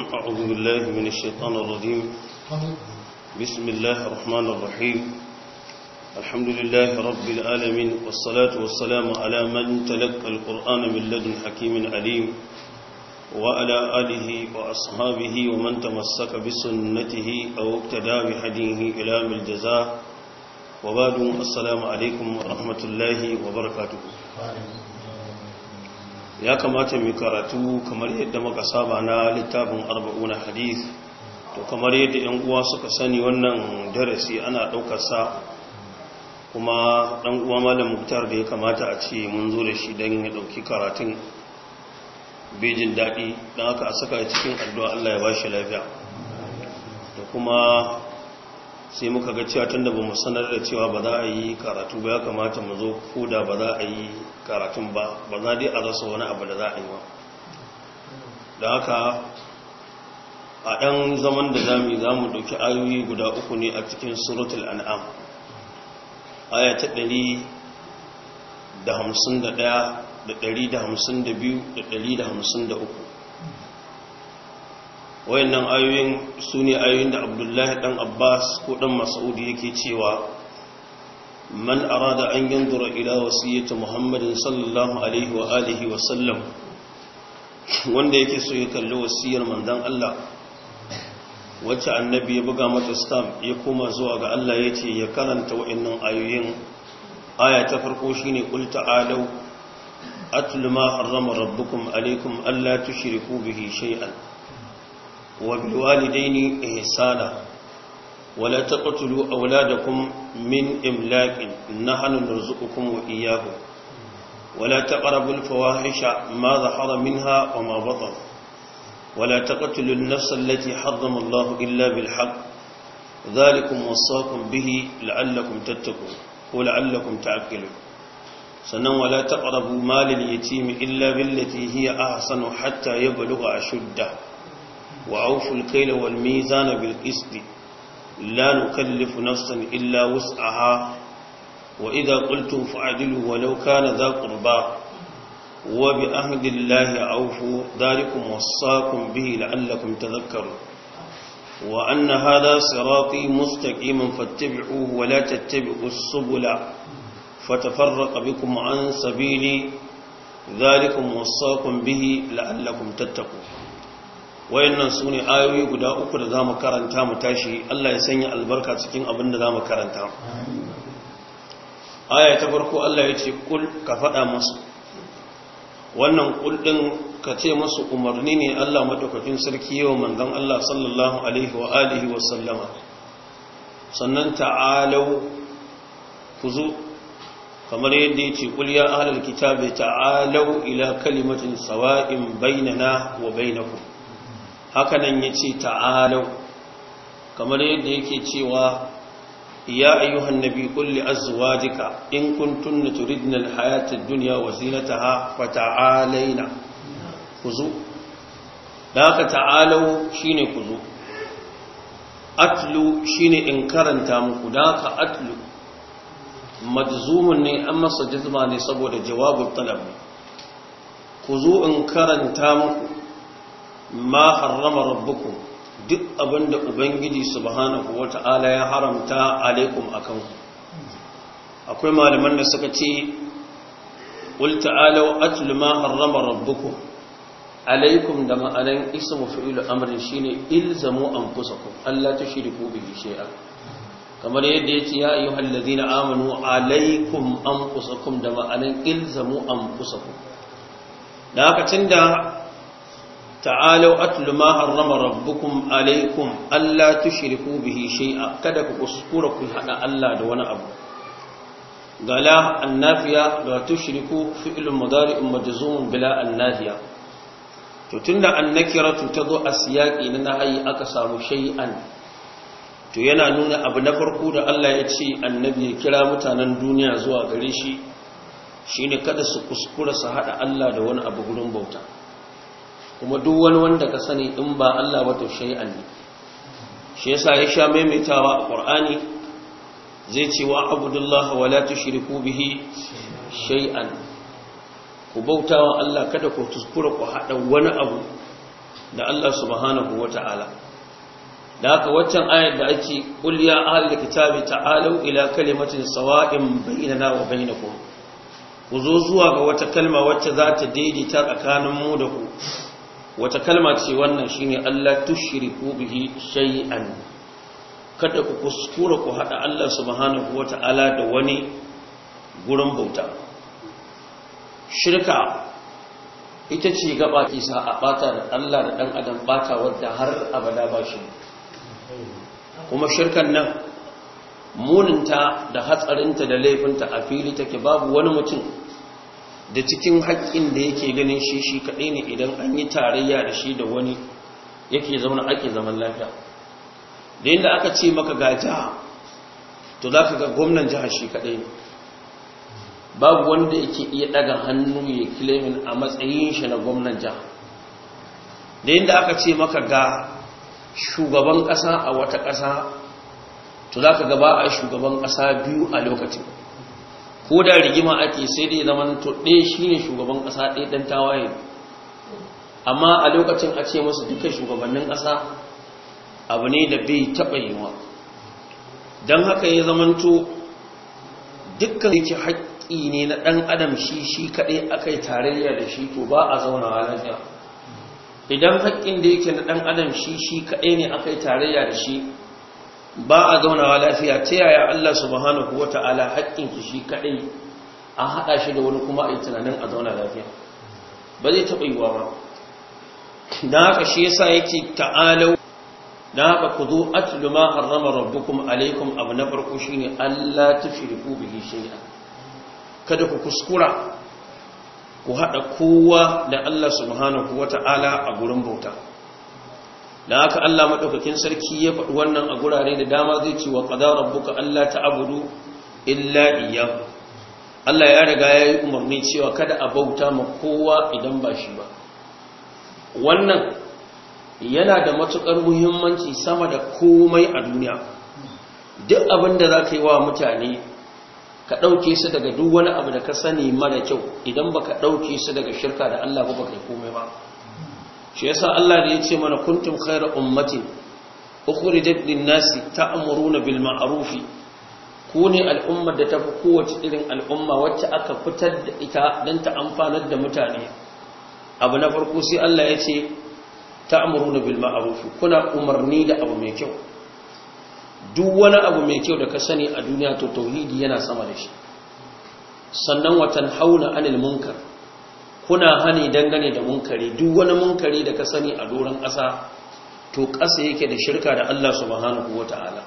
أعوذ بالله من الشيطان الرجيم بسم الله الرحمن الرحيم الحمد لله رب العالمين والصلاة والسلام على من تلقى القرآن من لدن حكيم عليم وعلى آله وأصحابه ومن تمسك بسنته أو اقتدى بهديه إلى الجزاء وبعد السلام عليكم ورحمة الله وبركاته ya kamata mai karatu kamar yadda maka saba na littafin arba'u na hadith to kamar yadda yan uwa suka sani wannan darasi ana ɗaukarsa kuma ɗan uwa malam muktar da ya kamata a ce mun zo da shi don ya ɗauki karatun bejin daɗi don haka a saka cikin addu'a Allah ya ba shi lafiya da kuma sai muka ga cewa tun da ba mu sanar da cewa ba za a yi karatu ba ya kamata mu zo ko da ba za a yi karatu ba ba za dai a rasa wani abu da za a yi ba da haka a ɗan zaman da zami za mu ɗauki ayoyi guda uku ne a cikin suratul an'am aya ta ɗari da hamsin da ɗaya da ɗari da hamsin da biyu da ɗari da hamsin da uku wayannan ayoyin su ne ayoyin da abdullahi dan abbas ko dan masaudi yake cewa man arada an yanzura ila wasiyyati muhammadin sallallahu alaihi wa alihi wa sallam wanda yake so ya kalli wasiyar manzon Allah wacce annabi ya buga mata stamp ya koma zuwa ga Allah yace ya karanta wayannan ayoyin aya ta farko shine qul ta'ala atlu ma harrama rabbukum alaikum alla tushriku bihi shay'an وبالوالدين إحسانا ولا تقتلوا أولادكم من إملاك نحن نرزقكم وإياهم ولا تقربوا الفواحش ما ظهر منها وما بطن ولا تقتلوا النفس التي حرم الله إلا بالحق ذلكم وصاكم به لعلكم تتقون ولعلكم تعقلون سنن ولا تقربوا مال اليتيم إلا بالتي هي أحسن حتى يبلغ أشده وأوفوا الكيل والميزان بالقسط لا نكلف نفسا إلا وسعها وإذا قلتم فعدلوا ولو كان ذا قربى وبأهد الله أوفوا ذلكم وصاكم به لعلكم تذكروا وأن هذا صراطي مستقيما فاتبعوه ولا تتبعوا السبل فتفرق بكم عن سبيلي ذلكم وصاكم به لعلكم تتقون wayannan su ne ayoyi guda uku da za mu karanta mu tashi Allah ya sanya albarka cikin abin da za mu karanta aya ta farko Allah ya ce kul ka faɗa musu wannan kul ɗin ka ce musu umarni ne Allah madaukakin sarki yau manzon Allah sallallahu alaihi wa alihi wa sallama sannan ta'alau ku zo kamar yadda ya ce ƙulya ahalar kitabe ta'alau ila kalimatin sawa'in bainana wa bainakum hakanan ya ce ta'alau kamar yadda yake cewa ya ayyuhan nabi kulli azwajika in kuntunna turidna alhayata ad-dunya wa zinataha fata'alaina kuzu da haka ta'alau shine kuzu atlu shine in karanta muku da haka atlu majzumun ne an masa jazma ne saboda jawabul talab kuzu in karanta muku ma harrama rabbukum duk abinda ubangiji subhanahu wata'ala ya haramta alaikum akan ku akwai malaman da suka ce qul ta'alu atlu ma harrama rabbukum alaikum da ma'anan ismu fi'lu amrin shine ilzamu anfusakum alla tushriku bihi shay'a kamar yadda ce ya ayyuhal ladina amanu alaikum anfusakum da ma'anan ilzamu anfusakum da haka tunda ta'alau atlu ma harrama rabbukum alaikum alla tushriku bihi shay'a kada ku kuskura ku hada Allah da wani abu gala annafiya ga tushriku fi'lun mudari'un majzum bila annafiya to tunda to tazo asiyaqi na nahayi aka samu shay'an to yana nuna abu na farko da Allah ya ce annabi ya kira mutanen duniya zuwa gare shi shine kada su kuskura su hada Allah da wani abu gurin bauta kuma duk wani wanda ka sani in ba Allah ba to shay'an ne shi yasa ya sha maimaitawa a Qur'ani zai ce wa abudullah wa la tushriku bihi shay'an ku bautawa Allah kada ku tuskura ku haɗa wani abu da Allah subhanahu wata'ala da haka waccan ayar da ake qul ya ahlul kitabi ta'alu ila kalimatin sawa'in bainana wa bainakum ku zo zuwa ga wata kalma wacce za ta daidaita tsakanin mu da ku wata kalma ce wannan shine Allah tushriku bihi shay'an kada ku kuskura ku hada Allah subhanahu wata'ala da wani gurin bauta shirka ita ce gaba sa a bata da Allah da dan adam bata wadda har abada ba shi kuma shirkan nan muninta da hatsarinta da laifinta a fili take babu wani mutum da cikin haƙƙin da yake ganin shi shi kaɗai ne idan an yi tarayya da shi da wani yake zauna ake zaman lafiya da yadda aka ce maka ga jiha to za ka ga gwamnan jiha shi kaɗai ne babu wanda yake iya ɗaga hannu ya kilimin a matsayin shi na gwamnan jiha da yadda aka ce maka ga shugaban ƙasa a wata ƙasa to za ka gaba a shugaban ƙasa biyu a lokacin ko da rigima ake sai dai zaman to ɗaya shine shugaban ƙasa ɗaya ɗan tawaye amma a lokacin a ce musu duka shugabannin ƙasa abu ne da bai taɓa wa don haka ya zamanto dukkan yake haƙƙi ne na ɗan adam shi shi kaɗai aka yi tarayya da shi to ba a zauna zaunawa lafiya idan haƙƙin da yake na ɗan adam shi shi kaɗai ne aka yi tarayya da shi ba a zaunawa lafiya ta yaya Allah subhanahu wata'ala haƙƙin ki shi kadai a haɗa shi da wani kuma a yi tunanin a zauna lafiya ba zai taɓa yiwa ba Na haka shi yasa yake ta'alau na haka ku zo atlu ma harrama rabbukum alaikum abu na farko ne, Allah tushriku bihi shay'a kada ku kuskura ku haɗa kowa da Allah subhanahu wata'ala a gurin bauta da haka Allah madaukakin sarki ya faɗi wannan a gurare da dama zai ce wa qada rabbuka alla ta'budu illa iyyah Allah ya riga ya yi umarni cewa kada a bauta ma kowa idan ba shi ba wannan yana da matukar muhimmanci sama da komai a duniya duk abin da za ka yi wa mutane ka ɗauke su daga duk wani abu da ka sani mara kyau idan ba ka ɗauke su daga shirka da Allah ba ba yi komai ba shi yasa Allah da ya ce mana kuntum khairu ummati ukhrijat lin-nasi ta'muruna bil ma'rufi ku ne al'ummar da tafi kowace irin al'umma wacce aka fitar da ita don ta amfanar da mutane abu na farko sai Allah ya ce ta'muruna bil ma'ruf kuna umarni da abu mai kyau duk wani abu mai kyau da ka sani a duniya to tauhidi yana sama da shi sannan watan hauna anil munkar kuna hani dangane da munkari duk wani munkari da ka sani a doron ƙasa to ƙasa yake da shirka da Allah subhanahu wata'ala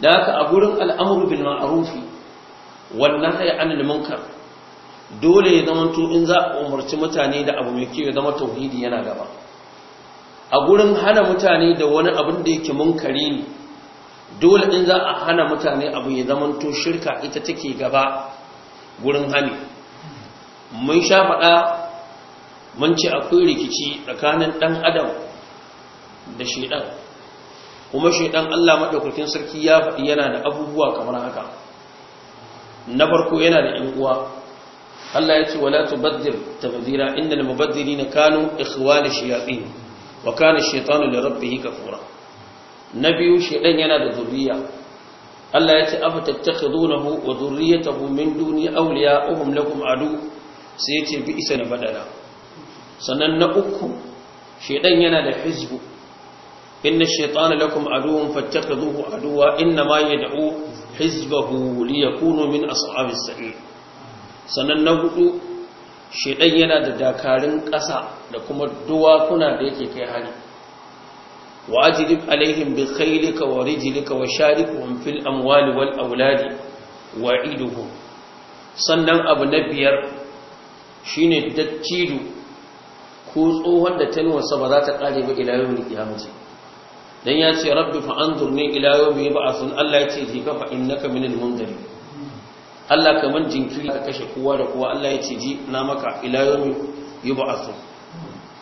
da haka a gurin al'amuru bil ma'arufi wannan haya anil munkar dole ya zama to in za a umarci mutane da abu mai kiyo zama tauhidi yana gaba a gurin hana mutane da wani abin da yake munkari ne dole in za a hana mutane abu ya zama to shirka ita take gaba gurin hani mun sha faɗa mun ce akwai rikici tsakanin ɗan adam da shaiɗan kuma shaiɗan Allah maɗaukakin sarki ya faɗi yana da abubuwa kamar haka na farko yana da ‘yan uwa Allah ya ce wala tubaddir tabdira innal mubaddirina kanu ikhwana shayatin wa shaitanu ash-shaytanu li rabbih kafura nabiyu shaidan yana da zuriya Allah ya ce afa tattakhidunahu wa dhurriyyatahu min duni awliya uhum lakum adu sai ce bi isa na badala sannan na uku shaidan yana da hizbu inna shaitana lakum aduwwun fattakhidhuhu aduwwa inna ma yad'u hizbahu liyakunu min ashabis sa'ir sannan na hudu shaidan yana da dakarun ƙasa da kuma duwakuna da yake kai hali. wa ajlib alaihin bi khaylika wa rijlika wa sharikhum fil amwali wal auladi sannan abu na biyar shine dattidu ko tsohon da talwarsa ba za ta kare ba ila yawmin qiyamati dan ya ce rabbi fa mai ila yawmi yub'athun Allah ya ce ji ka fa innaka minal munzari Allah kaman jinkiri ka kashe kowa da kowa Allah ya ce ji na maka ila yawmi yub'athun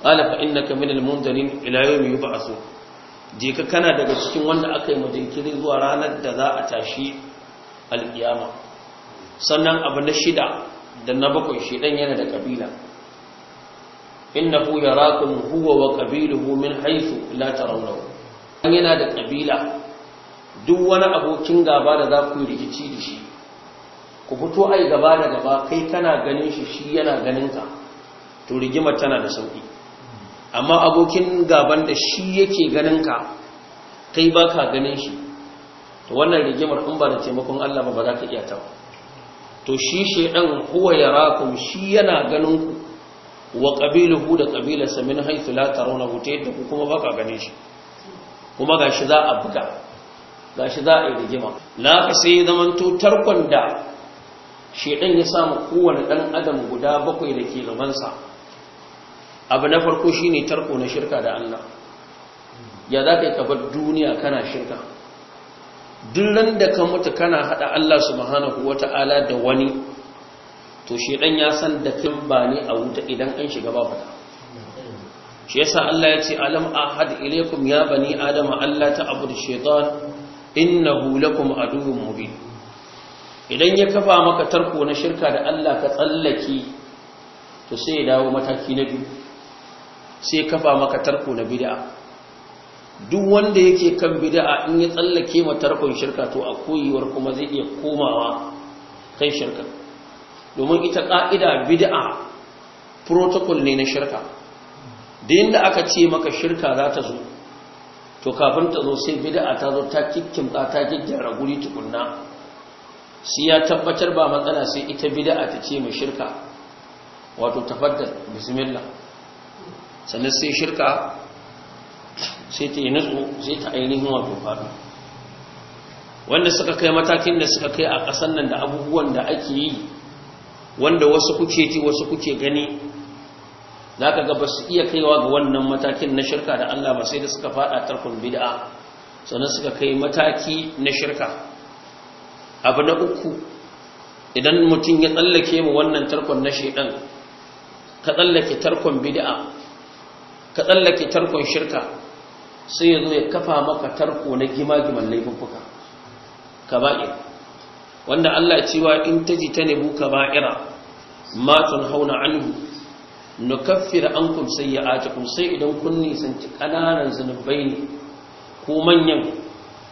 qala fa innaka minal munzarin ila yi yub'athun je ka kana daga cikin wanda aka yi mu jinkiri zuwa ranar da za a tashi alkiyama sannan abu na shida da na bakwai shedan yana da kabila innahu yarakum huwa wa qabiluhu min haythu la tarawnahu yana da kabila duk wani abokin gaba da za ku yi rikici da shi ku fito ai gaba da gaba kai kana ganin shi shi yana ganin ka to rigima tana da sauki amma abokin gaban da shi yake ganin ka kai baka ganin shi to wannan rigimar in ba da taimakon Allah ba ba za ka iya ta ba to shi shedan huwa yarakum shi yana ganin ku wa qabiluhu da qabilarsa min haythu la tarawnahu ta yadda ku kuma baka gane shi kuma shi za a buga shi za a yi rigima na ka sai zaman tutar tarkon da shedan ya samu kowane ɗan adam guda bakwai da ke gabansa. abu na farko shine tarko na shirka da Allah ya za ka yi kabar duniya kana shirka duk da ka mutu kana hada Allah subhanahu wata'ala da wani to shi dan ya san da kin ba ne a wuta idan an shiga ba fata shi yasa Allah ya ce alam ahad ilaykum ya bani adama Allah ta ta'budu shaytan innahu lakum aduwwun mubin idan ya kafa maka tarko na shirka da Allah ka tsallake to sai ya dawo mataki na biyu sai kafa maka tarko na bid'a duk wanda yake kan bid'a in ya tsallake tarkon shirka to a koyiwar kuma zai iya komawa kan shirka domin ita ka'ida bid'a protocol ne na shirka da yadda aka ce maka shirka za ta zo to kafin ta zo sai bid'a ta zo ta kikkimta ta gyara guri tukunna shi ya tabbatar ba matsala sai ita bida'a ta ce mai shirka wato tafaddal bismillah sannan sai shirka sai ta yi nutsu sai ta ainihin wato faru wanda suka kai matakin da suka kai a ƙasan nan da abubuwan da ake yi wanda wasu kuke ji wasu kuke gani za ka ga ba su iya kaiwa ga wannan matakin na shirka da Allah ba sai da suka faɗa tarkon bid'a sannan suka kai mataki na shirka abu na uku idan mutum ya tsallake mu wannan tarkon na shaidan ka tsallake tarkon bid'a ka tsallake tarkon shirka sai ya zo ya kafa maka tarko na gima-giman laifuffuka kaba'ir wanda Allah cewa in ta ji ta nebu kaba'ira matan hauna anhu nukaffir an kun sai idan kun nisanci kananan zunubai ne ko manyan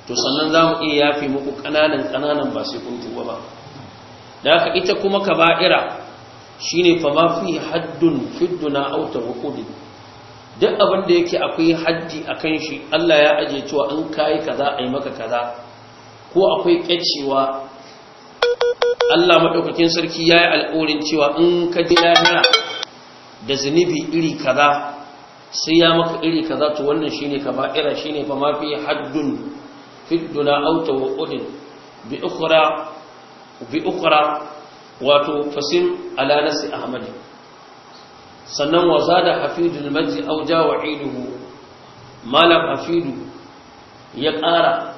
to sannan za mu iya yafi muku kananan kananan ba sai kun tuba ba da haka ita kuma kaba'ira shine fa ma fi haddun na autar tawqudin duk abin da yake akwai haddi a kan shi Allah ya ajiye cewa in kayi kaza a yi maka kaza ko akwai kyacewa Allah maɗaukakin sarki ya yi alƙorin cewa in ka ji lahira da zunubi iri kaza sai ya maka iri kaza to wannan shine ira shine fa ma fi haddun fiduna, auta, tawqudin bi bi ukhra wato fasim ala nasi ahmadin sannan wa zada hafidul majdi aw jawa iduhu malam hafidu ya ƙara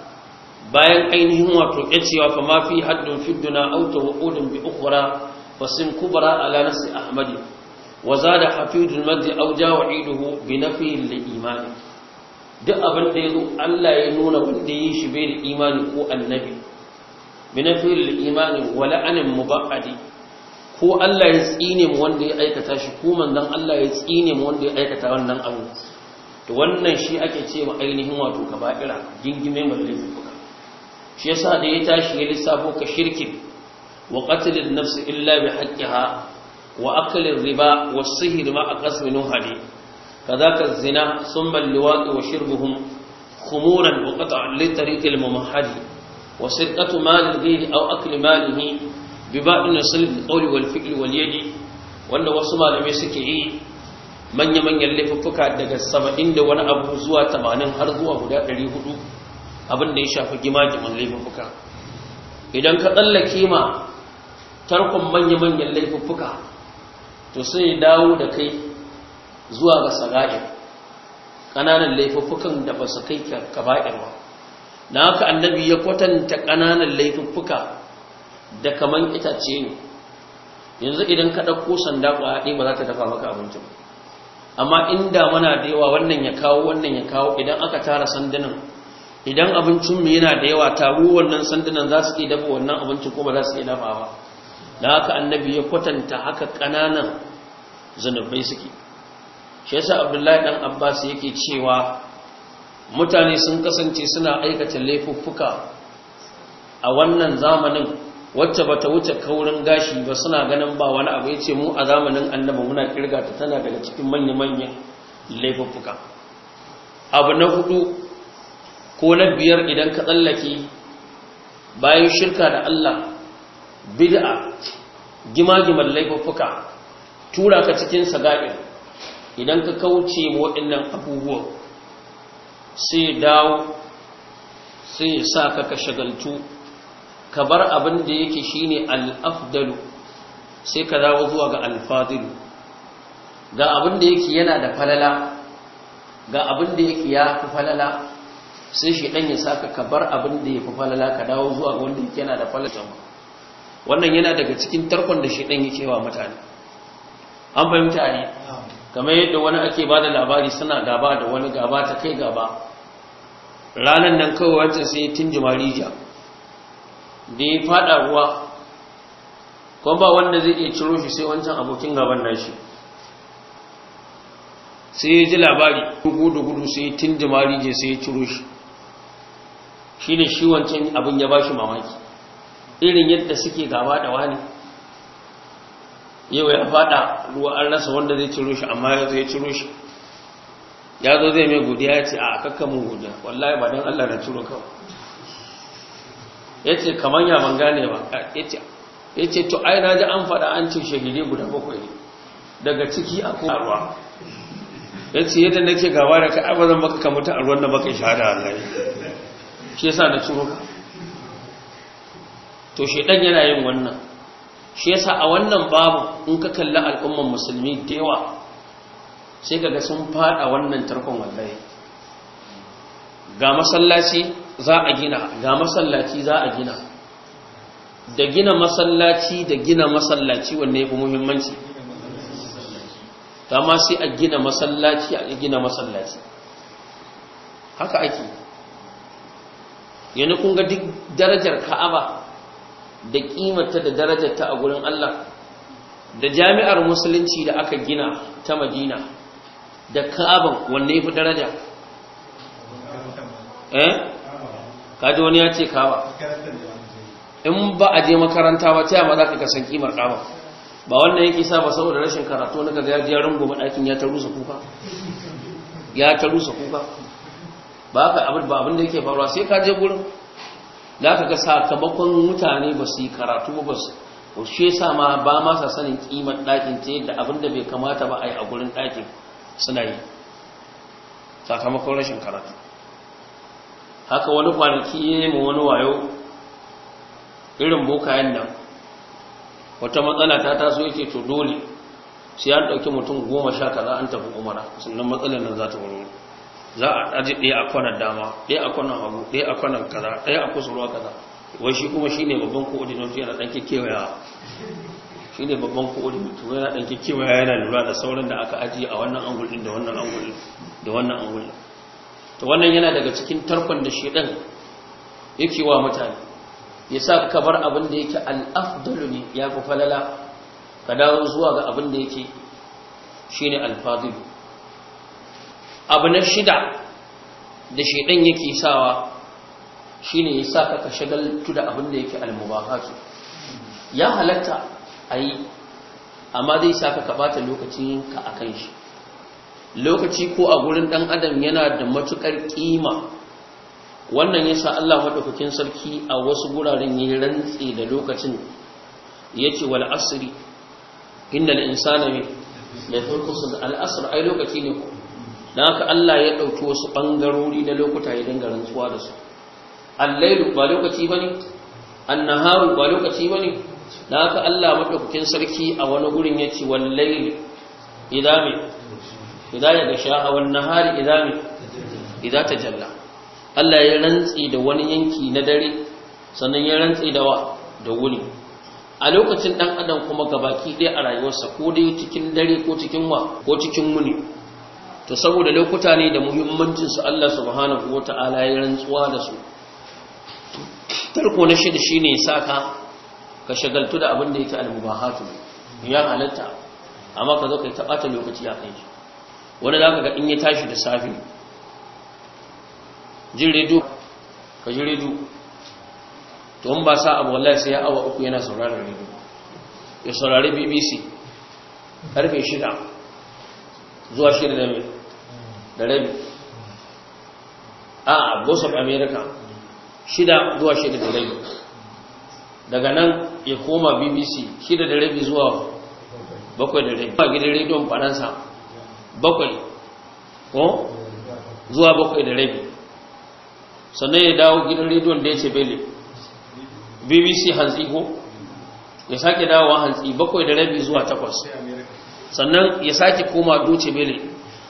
bayan ainihin wato ya cewa fa ma fi haddun fidduna aw tawqudun bi ukhra fa sin kubra ala nafsi ahmadi wa zada hafidul majdi aw jawa iduhu bi nafi lil imani duk abin da yazo Allah ya nuna wanda yi shi bai da imani ko annabi bi nafi lil imani wa la'anin mubahadi ko Allah ya tsine mu wanda ya aikata shi ko manzon Allah ya tsine mu wanda ya aikata wannan abu to wannan shi ake ce ma ainihin wato kaba'ira gingime mai laifuka shi yasa da ya tashi ya lissafo ka shirkin wa qatlin nafsi illa bi haqqiha wa aklin riba wa sihir ma aqasminu hadi kadaka zina summa liwaqi wa shirbuhum khumuran wa qat'a li tariqil mumahhadi wa sirqatu mal ghayri aw akli malihi bi ba'in nasalin qawli wal fi'li wal yadi wanda wasu malamai suke yi manya-manyan laifuka daga 70 da wani abu zuwa tamanin har zuwa guda 400 abin da ya shafi gimagiman laifuka. idan ka tsallake ma tarkon manya-manyan laifuka, to sai dawo da kai zuwa ga saga'ir ƙananan laifukan da ba su kai ka ba na haka annabi ya kwatanta ƙananan laifuka. da kaman itace ne yanzu idan ka ɗauko sanda ku ɗaya ba za ta dafa maka abinci ba amma inda mana da yawa wannan ya kawo wannan ya kawo idan aka tara sandunan idan abincin yana da yawa taru wannan sandunan za su iya dafa wannan abincin ko ba za su iya dafa ba da haka annabi ya kwatanta haka ƙananan zanubai suke shi yasa abdullahi dan abbas yake cewa mutane sun kasance suna aikata laifuffuka a wannan zamanin wacce ba ta wuce kaurin gashi ba suna ganin ba wani abu ya ce mu a zamanin annaba muna kirga ta tana daga cikin manya-manya manyan laifuffuka abu na hudu ko na biyar idan ka tsallake bayan shirka da Allah bid'a gima-giman laifuffuka tura ka cikin saga'ir idan ka kauce waɗannan abubuwa sai dawo sai ya sa ka ka shagaltu ka bar abin da yake shi al al’afdalu sai ka dawo zuwa ga al-fadilu ga abin da yake yana da falala ga abin da yake ya fi falala sai shi ɗan ya saka ka bar abin da ya fi falala ka dawo zuwa ga wanda yake yana da falala wannan yana daga cikin tarkon da shi ɗan yake wa mutane an fahimta ne kamar yadda wani ake ba da labari suna gaba da wani gaba ta kai gaba ranar nan kawai wancan sai tun jimarijiya da ya fada ruwa ko ba wanda zai iya ciro shi sai wancan abokin gaban nashi sai ya ji labari gudu da gudu sai tun jimari je sai ya ciro shi shi ne shi wancan abin ya ba shi mamaki irin yadda suke gaba da wani yau ya fada ruwa an rasa wanda zai ciro shi amma ya ya ciro shi ya zo zai mai godiya ya ce a kakka mun godiya wallahi ba don allah na ciro kawai ya ce kamar ya ban gane ba ya ce to ai na ji an faɗa an ce shahidai guda bakwai daga ciki a ruwa ya ce yadda nake gaba da ka abazan maka ka mutu a ruwan da maka shahada Allah ne shi yasa na ciro ka to shi ɗan yana yin wannan shi yasa a wannan babu in ka kalli al'umman musulmi da yawa sai kaga sun fada wannan tarkon wallahi ga masallaci za a gina ga masallaci za a gina da gina masallaci da gina masallaci wanne fi muhimmanci dama sai a gina masallaci a gina masallaci haka ake yana kun ga duk darajar ka'aba da kimanta da darajarta a gurin Allah da jami'ar musulunci da aka gina ta madina da ka'aban wanne ya fi daraja eh kaji wani ya ce kaba in ba a je makaranta ba ta yamma za ka kasan kimar kama ba wannan yake sa ba saboda rashin karatu na kaga ya rungu ɗakin ya ta rusa kuka ya ta rusa kuka ba ka abin ba da yake faruwa sai ka je gurin da ka ga sakamakon mutane ba su yi karatu ba su shi sa ma ba ma sa sanin kimar ɗakin ce da abin da bai kamata ba a yi a gurin ɗakin suna yi sakamakon rashin karatu haka wani kwanaki ya yi mu wani wayo irin bokayen nan wata matsala ta taso yake to dole sai an ɗauki mutum goma sha kaza an tafi umara sannan matsalar nan za ta wuri za a aji ɗaya a kwanan dama ɗaya a kwanan hagu ɗaya a kwanan kaza ɗaya a kusurwa kaza wai shi kuma shi ne babban na yana ɗan kekewaya shi ne babban koordinator yana ɗan kekewaya yana lura da sauran da aka ajiye a wannan angulin da wannan angulin da wannan angulin to wannan yana daga cikin tarkon da shedan yake wa mutane ya sa ka bar abin da yake al-afdalu ne ya fi falala ka dawo zuwa ga abin da yake shine al-fadil abu na shida da shedan yake sawa shine yasa ka ka shagaltu da abin da yake al-mubahatu ya halatta yi amma zai sa ka ka bata lokacin ka kan shi lokaci ko a gurin dan adam yana da matukar kima wannan yasa Allah madaukakin sarki a wasu guraren yayin rantsi da lokacin yace wal asri innal insana laifin al asr ai lokaci ne ku na haka Allah ya ɗauki wasu ɓangarori na lokuta ya dinga rantsuwa da su allailu ba lokaci ba ne annaharu ba lokaci ba ne na haka Allah madaukakin sarki a wani gurin ya ce wallaili idami idza da gasha wan nahari idan ta Jalla. Allah ya rantsi da wani yanki na dare sannan ya rantsi da wa da wuni a lokacin dan adam kuma gabaki ɗaya a rayuwarsa ko dai cikin dare ko cikin wa ko cikin wuni to saboda lokuta ne da muhimmancin su Allah subhanahu wata'ala ya rantsuwa da su tarko na shida shine saka ka shagaltu da abin da yake al-mubahatu ya halatta amma ka zo kai ta bata lokaci a kai Wani za ka ga in ya tashi da safe jin redu ka ji redu to in ba sa abu wallahi sai ya awa uku yana sauraron redu ya saurari bbc karfe shida zuwa shida da rabi a abuwa of america shida zuwa shida da rabi daga nan ya koma bbc shida da rabi zuwa bakwai da rabi ba gidan rediyon faransa bakwai ko zuwa bakwai da rabi sannan ya dawo gidan rediyon da ya ce bele bbc hantsi ko ya sake dawowa hantsi bakwai da rabi zuwa takwas sannan ya sake koma doce bele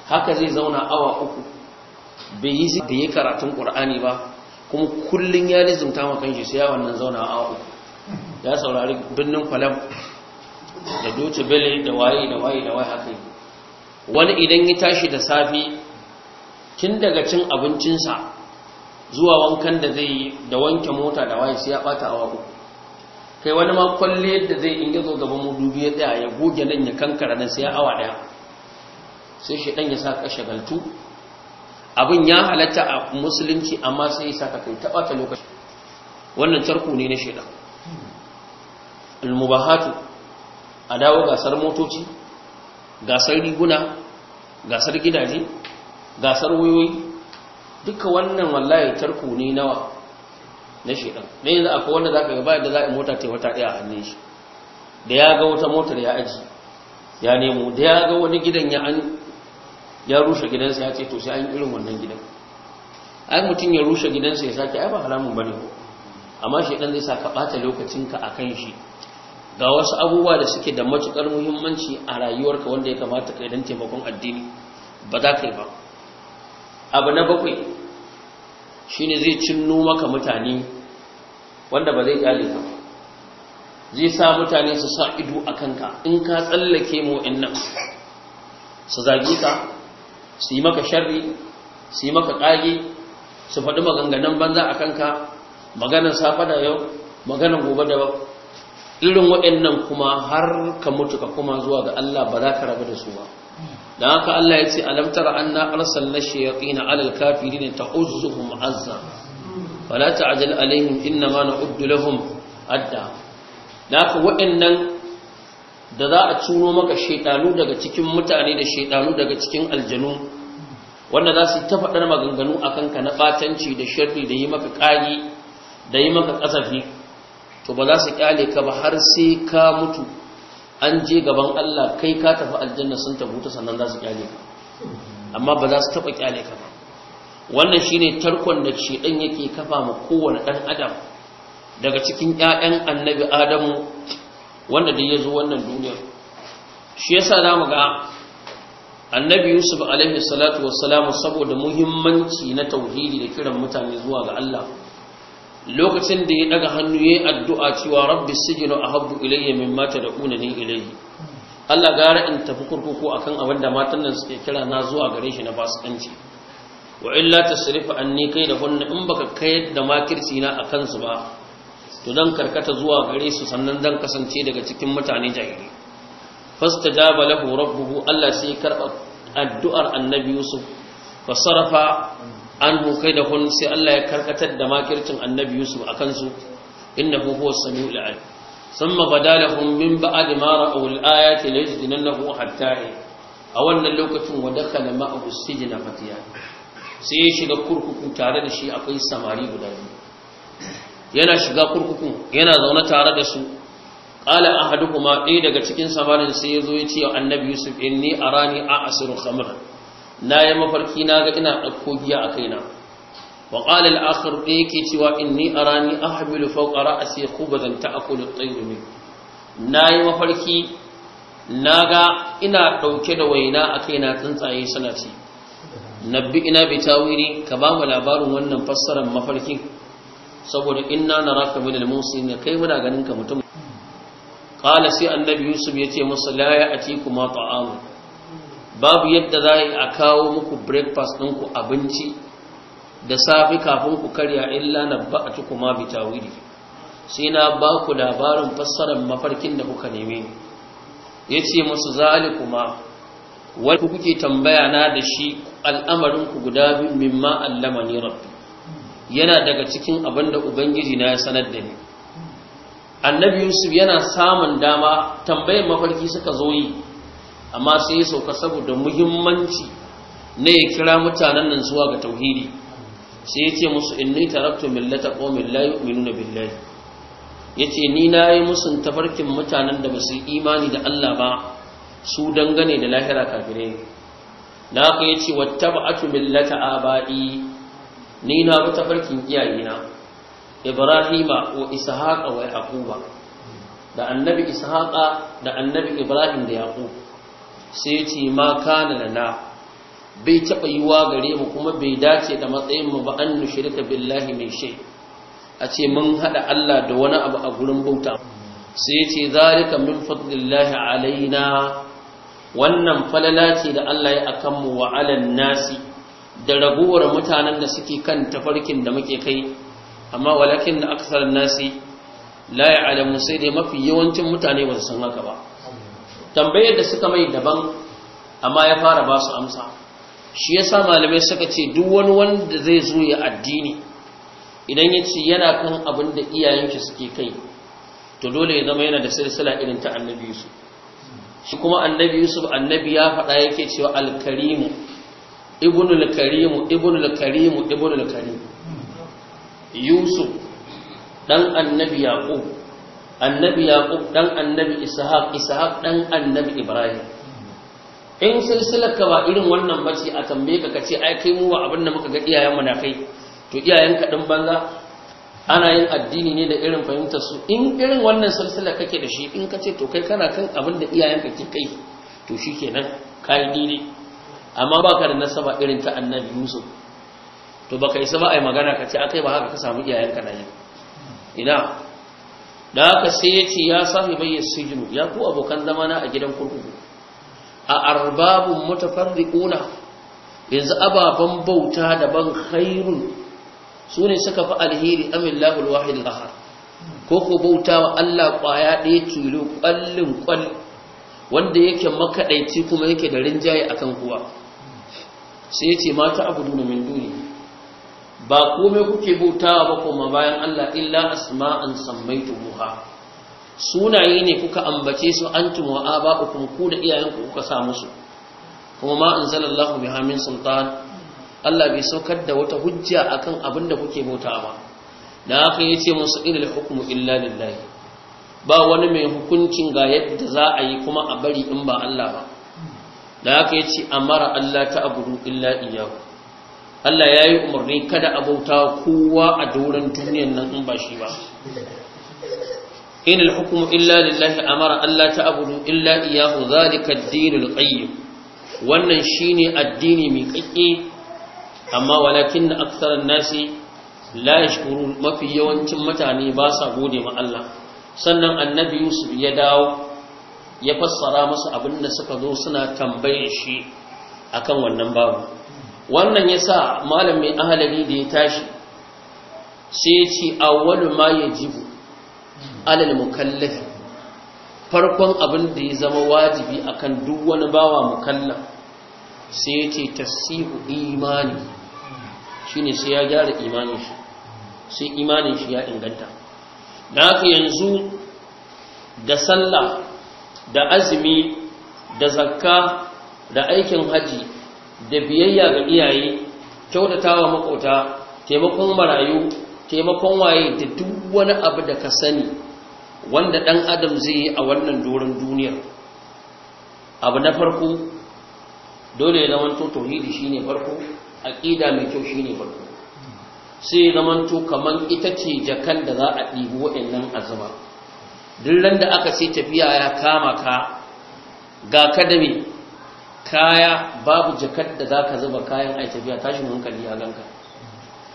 haka zai zauna awa uku bai yi da ya karatun ƙur'ani ba kuma kullum ya lizimta makon shi siya wannan zauna awa uku ya saurari birnin kwalam da doce bele da waye da waye da waye haka yi wani idan ya tashi da safi tun daga cin abincinsa zuwa wankan da zai yi da wanke mota da waye sai ya bata awa uku kai wani ma kwalle da zai in yazo gaban dubi ya tsaya ya goge nan ya kankara nan sai ya awa daya sai shi dan ya saka shagaltu abin ya halatta a musulunci amma sai ya saka kai ta lokaci wannan tarko ne na shedan al mubahatu a dawo gasar motoci gasar riguna gasar gidaje gasar wayoyi duka wannan wallahi tarko ne nawa na shedan ne yanzu akwai wanda zaka ga bayan da za a mota ta wata daya a hannun shi da ya ga wata motar ya aji ya nemo da ya ga wani gidan ya an ya rushe gidansa ya ce to sai an irin wannan gidan ai mutum ya rushe gidansa ya sake ai ba haramun bane amma shedan zai sa ka bata lokacinka akan shi ga wasu abubuwa da suke da matukar muhimmanci a rayuwarka wanda ya kamata ka idan taimakon addini ba za ka yi ba abu na bakwai shine zai cinno maka mutane wanda ba zai kyale ka zai sa mutane su sa ido a kanka in ka tsallake mu nan su zage ka su yi maka sharri su yi maka kage su faɗi maganganun banza a kanka maganar safa da yau maganar gobe da irin waɗannan kuma har ka mutu ka kuma zuwa ga Allah ba za ka rabu da su ba da haka Allah ya ce alam tara anna arsalna shayatin ala alkafirin ta'uzzuhum azza wala ta'jal alaihim inna ma na'uddu lahum adda da haka waɗannan da za a ciro maka shaytanu daga cikin mutane da shaytanu daga cikin aljanu wanda za su ta faɗar maganganu akan kanka na ɓatanci da sharri da yi maka ƙagi da yi maka ƙasafi to ba za su kyale ka ba har sai ka mutu an je gaban Allah kai ka tafi aljanna sun tafi ta sannan za su kyale ka amma ba za su taba kyale ka ba wannan shine tarkon da dan yake kafa ma kowanne dan adam daga cikin ƴaƴan annabi adamu wanda da yazo wannan duniya shi yasa mu ga annabi yusuf alaihi salatu wassalamu saboda muhimmanci na tauhidi da kiran mutane zuwa ga Allah lokacin da ya daga hannu ya yi addu'a cewa rabbi a ahabbu ilayya ƙuna ne ilayya Allah gara in tafi kurkuku akan abin da matan nan suke kira na zuwa gare shi na fasikanci wa illa an anni kai da hunna in baka kai da makirci na a kansu ba to dan karkata zuwa gare su sannan dan kasance daga cikin mutane jahili lahu rabbuhu Allah sai karba addu'ar annabi Yusuf fasarafa an hukai da hun sai Allah ya karkatar da makircin annabi Yusuf a kansu innahu huwa samiul alim thumma badalahum min ba'd ma ra'aw al-ayati layajidunnahu hatta a wannan lokacin wa dakala ma'ahu sijna fatiya sai ya shiga kurkuku tare da shi akwai samari guda biyu yana shiga kurkuku yana zaune tare da su qala ahaduhuma ɗaya daga cikin samarin sai ya zo ya ce wa annabi Yusuf inni arani a asiru khamran na yi mafarki na ga ina ɗauko giya a kaina wa ƙalil akhir da yake cewa ni a rani a hamilu fauka ra'asi ko ba zan ta'akulu tsayi na yi mafarki na ga ina ɗauke da waina a kaina tsuntsaye suna Na bi ina bitawiri ka ba mu labarin wannan fassarar mafarkin saboda inna na raka min al-musin ne kai muna ganin ka mutum qala sai annabi yusuf ce musu la a atiku kuma ta'amu babu yadda za a kawo muku breakfast ɗinku abinci da safi kafin ku karya illa na ba'atu kuma tawiri sai na ba ku labarin fassarar mafarkin da kuka neme ya ce musu zali kuma wani kuke tambaya na da shi al'amarinku guda biyu mimma allama ne rabbi yana daga cikin abin da ubangiji na ya sanar da ni annabi yusuf yana samun dama tambayar mafarki suka zo yi amma sai ya sauka saboda muhimmanci na ya kira mutanen nan zuwa ga tauhidi sai ya ce musu inni taraktu millata qaumin la yu'minuna billahi yace ni na yi musun tafarkin mutanen da basu yi imani da Allah ba su dangane da lahira kafire na haka yace lata millata abai ni na bi tafarkin iyayena ibrahima wa ishaqa wa yaquba da annabi ishaqa da annabi ibrahim da yaqub sai ce ma kana da na. bai taɓa wa gare mu kuma bai dace da matsayin mu ba an nushirka billahi mai shi a ce mun haɗa Allah da wani abu a gurin bauta sai ce zarika min fadlillahi alaina wannan falala ce da Allah ya akan mu wa alan nasi da raguwar mutanen da suke kan tafarkin da muke kai amma walakin da aksar nasi la alamu sai dai mafi yawancin mutane ba su san haka ba tambayar da suka mai daban amma ya fara ba su amsa shi yasa malamai suka ce duk wani wanda zai zo ya addini idan ya ce yana kan abin da iyayenki suke kai to dole ya zama yana da silsila irin ta annabi yusuf shi kuma annabi yusuf annabi ya faɗa yake cewa alkarimu ibnu alkarimu ibnu alkarimu ibnu alkarimu yusuf dan annabi yaqub annabi yaqub dan annabi ishaq ishaq dan annabi ibrahim in silsilar ka ba irin wannan bace a tambaye ka kace ai kai mu ba abin da muka ga iyayen mu na kai to iyayen ka din banza ana yin addini ne da irin fahimtar su in irin wannan silsilar kake da shi in kace to kai kana kan abin da iyayen ka ke kai to shikenan kai dini amma ba ka da nasaba irin ta annabi yusuf to baka isa ba ai magana kace akai ba haka ka samu iyayen ka na yi ina da haka sai ya ce ya sahibai ya sijinu ya ku abokan zamana a gidan kurkuku a arbabun mutafarriƙuna yanzu ababen bauta daban khairun su ne suka fi alheri amin wahid al ko ku bauta wa Allah kwaya ɗaya tilo kwallin ƙwal wanda yake makaɗaici kuma yake da rinjaye a kan kuwa sai ya ce mata abu min duni ba komai kuke bautawa ba kuma bayan Allah illa asma'an muha sunaye ne kuka ambace su antum wa aba'ukum ku da iyayenku kuka sa musu kuma ma anzalallahu biha min sultan Allah bai saukar da wata hujja akan abin da kuke bautawa ba da haka yace musu ilal hukmu illa lillahi ba wani mai hukuncin ga yadda za a yi kuma a bari in ba Allah ba da haka yace amara Allah ta abudu illa iyyahu Allah ya yi umarni kada a bauta kowa a doron duniyan nan in ba shi ba in alhukumu illa lillahi amara Allah ta abudu illa iyahu zalika dinul qayyim wannan shine addini mai kakki amma walakin aktharan nasi la yashkurun mafi yawancin mutane ba sa gode ma Allah sannan annabi Yusuf ya dawo ya fassara musu abin da suka zo suna tambayar shi akan wannan babu wannan ya sa malamin ahalari da ya tashi sai ya ce awwalu ma ya jibu alal mukallafi farkon abin da ya zama wajibi akan duk wani bawa mukallaf sai ya ce tasihu imani shine sai ya gyara imanin shi sai imanin shi ya inganta Na haka yanzu da sallah da azumi da zakka da aikin hajji. da biyayya ga iyaye kyautatawa makota taimakon marayu taimakon waye da duk wani abu da ka sani wanda dan adam zai yi a wannan doron duniya? abu na farko dole ya zamanto shi shine farko aƙida mai kyau shine farko sai ya zamanto kaman ita ce jakan da za a ɗibi waɗannan azama duk da aka sai tafiya ya kama ka ga kadami kaya babu jakar da za ka zuba kayan a tafiya tashin hankali a ganka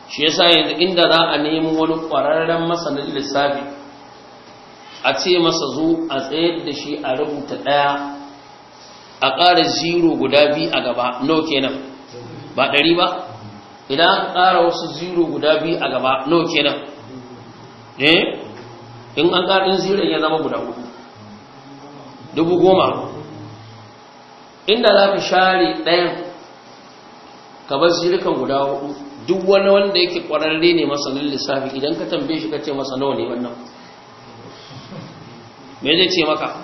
shi ya sa yanzu inda za a nemi wani ƙwararren masanin lissafi a ce masa zo a tsayar da shi a rubuta ɗaya a ƙara zero guda biyu a gaba n'o kenan ba ɗari ba idan an ƙara wasu zero guda biyu a gaba n'o kenan eh in an ƙarin ziron ya zama guda hudu dubu goma inda za ka share ɗayan ka bar zirikan guda hudu duk wani wanda yake kwararre ne masanin lissafi idan ka tambaye shi ka ce masa nawa ne wannan me zai ce maka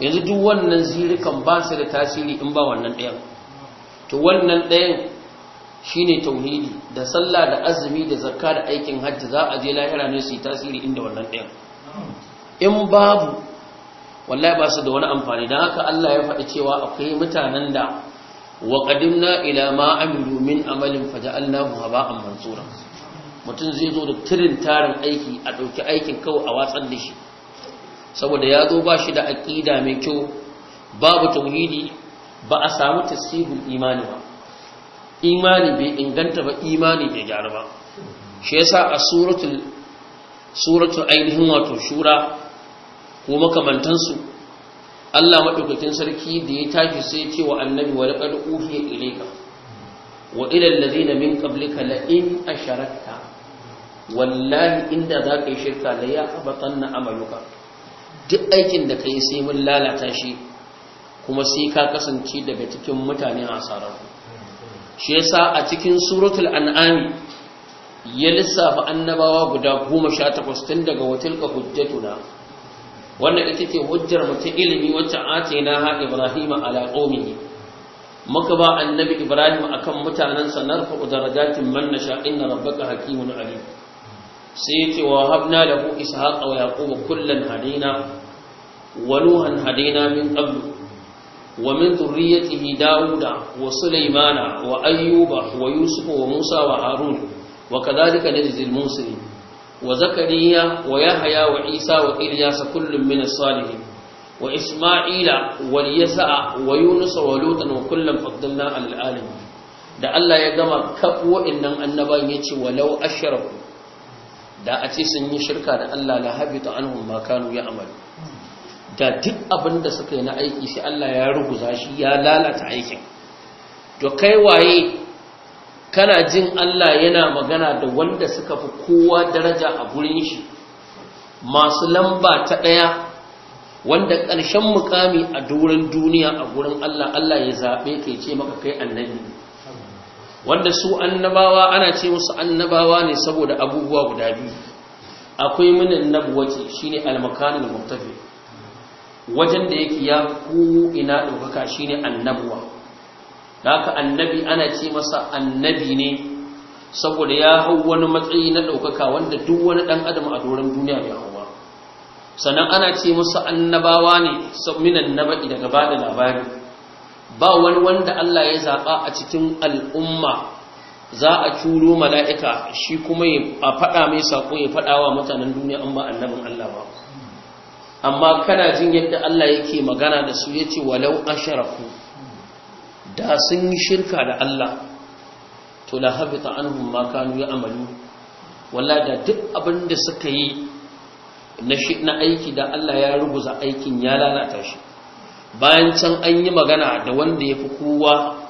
yanzu duk wannan zirikan ba su da tasiri in ba wannan ɗayan to wannan ɗayan shi ne tauhidi da sallah da azumi da zakka da aikin hajji za a je lahira ne su yi tasiri inda wannan ɗayan in babu wallahi ba su da wani amfani don haka Allah ya faɗi cewa akwai mutanen da wa qadimna ila ma amilu min amalin haba haba'an mansura mutum zai zo da tirin tarin aiki a ɗauki aikin kawai a watsar da shi saboda ya zo ba shi da aƙida mai kyau babu tauhidi ba a samu tasirul imani ba imani bai inganta ba imani bai gyara ba shi yasa a suratul suratul ainihin wato shura ko makamantansu Allah madaukakin sarki da ya tashi sai ce wa annabi wa laqad uhiya ilayka wa ila alladhina min qablika la in asharakta wallahi inda za ka yi shirka la ya abatanna amaluka duk aikin da kai sai mun lalata shi kuma sai ka kasance daga cikin mutane asararku shi yasa a cikin suratul an'ami ya lissafa annabawa guda 18 tun daga watilka hujjatuna wannan ita ce hujjar mu ta ilimi wacce na ha ibrahim ala qaumihi muka ba annabi ibrahim akan mutanen sa narfa darajatin man nasha inna rabbaka hakimun alim sai yace wa habna lahu ishaqa wa yaquba kullan hadina wa nuhan hadina min wa Yusufu, wa Musa, wa Harun, wa وموسى da وكذلك نجزي wa zakariya wa Yahaya wa isa wa ilyas kullum min as-salihin wa isma'ila wa wa Yunusa wa lutan wa kullum faddalna da Allah ya gama kaf wa'annan annaban ce walau ashraku da a ce sun yi shirka da Allah la habita anhum ma kanu ya'malu da duk abin da suka yi na aiki sai Allah ya ruguza shi ya lalata aikin to kai waye kana jin Allah yana magana da wanda suka fi kowa daraja a gurin shi masu lamba ta ɗaya wanda ƙarshen mukami a doron duniya a gurin Allah Allah ya zaɓe ke ce maka kai annabi wanda su annabawa ana ce musu annabawa ne saboda abubuwa guda biyu akwai minin shi shine almakanin mutafi wajen da yake ya ku ina ɗaukaka shine annabuwa haka annabi ana ce masa annabi ne saboda ya hau wani matsayi na ɗaukaka wanda duk wani ɗan adam a doron duniya ya hau ba sannan ana ce masa annabawa ne minan na baƙi daga ba da labari ba wani wanda Allah ya zaɓa a cikin al'umma za a curo mala'ika shi kuma a faɗa mai saƙo ya faɗa wa mutanen duniya an ba annabin Allah ba amma kana jin yadda Allah yake magana da su ya ce walau an sharafu da sun yi shirka da Allah to la habita anhum ma kanu ya'malu walla da duk abin da suka yi na shi na aiki da Allah ya ruguza aikin ya lalata shi bayan can an yi magana da wanda yafi kowa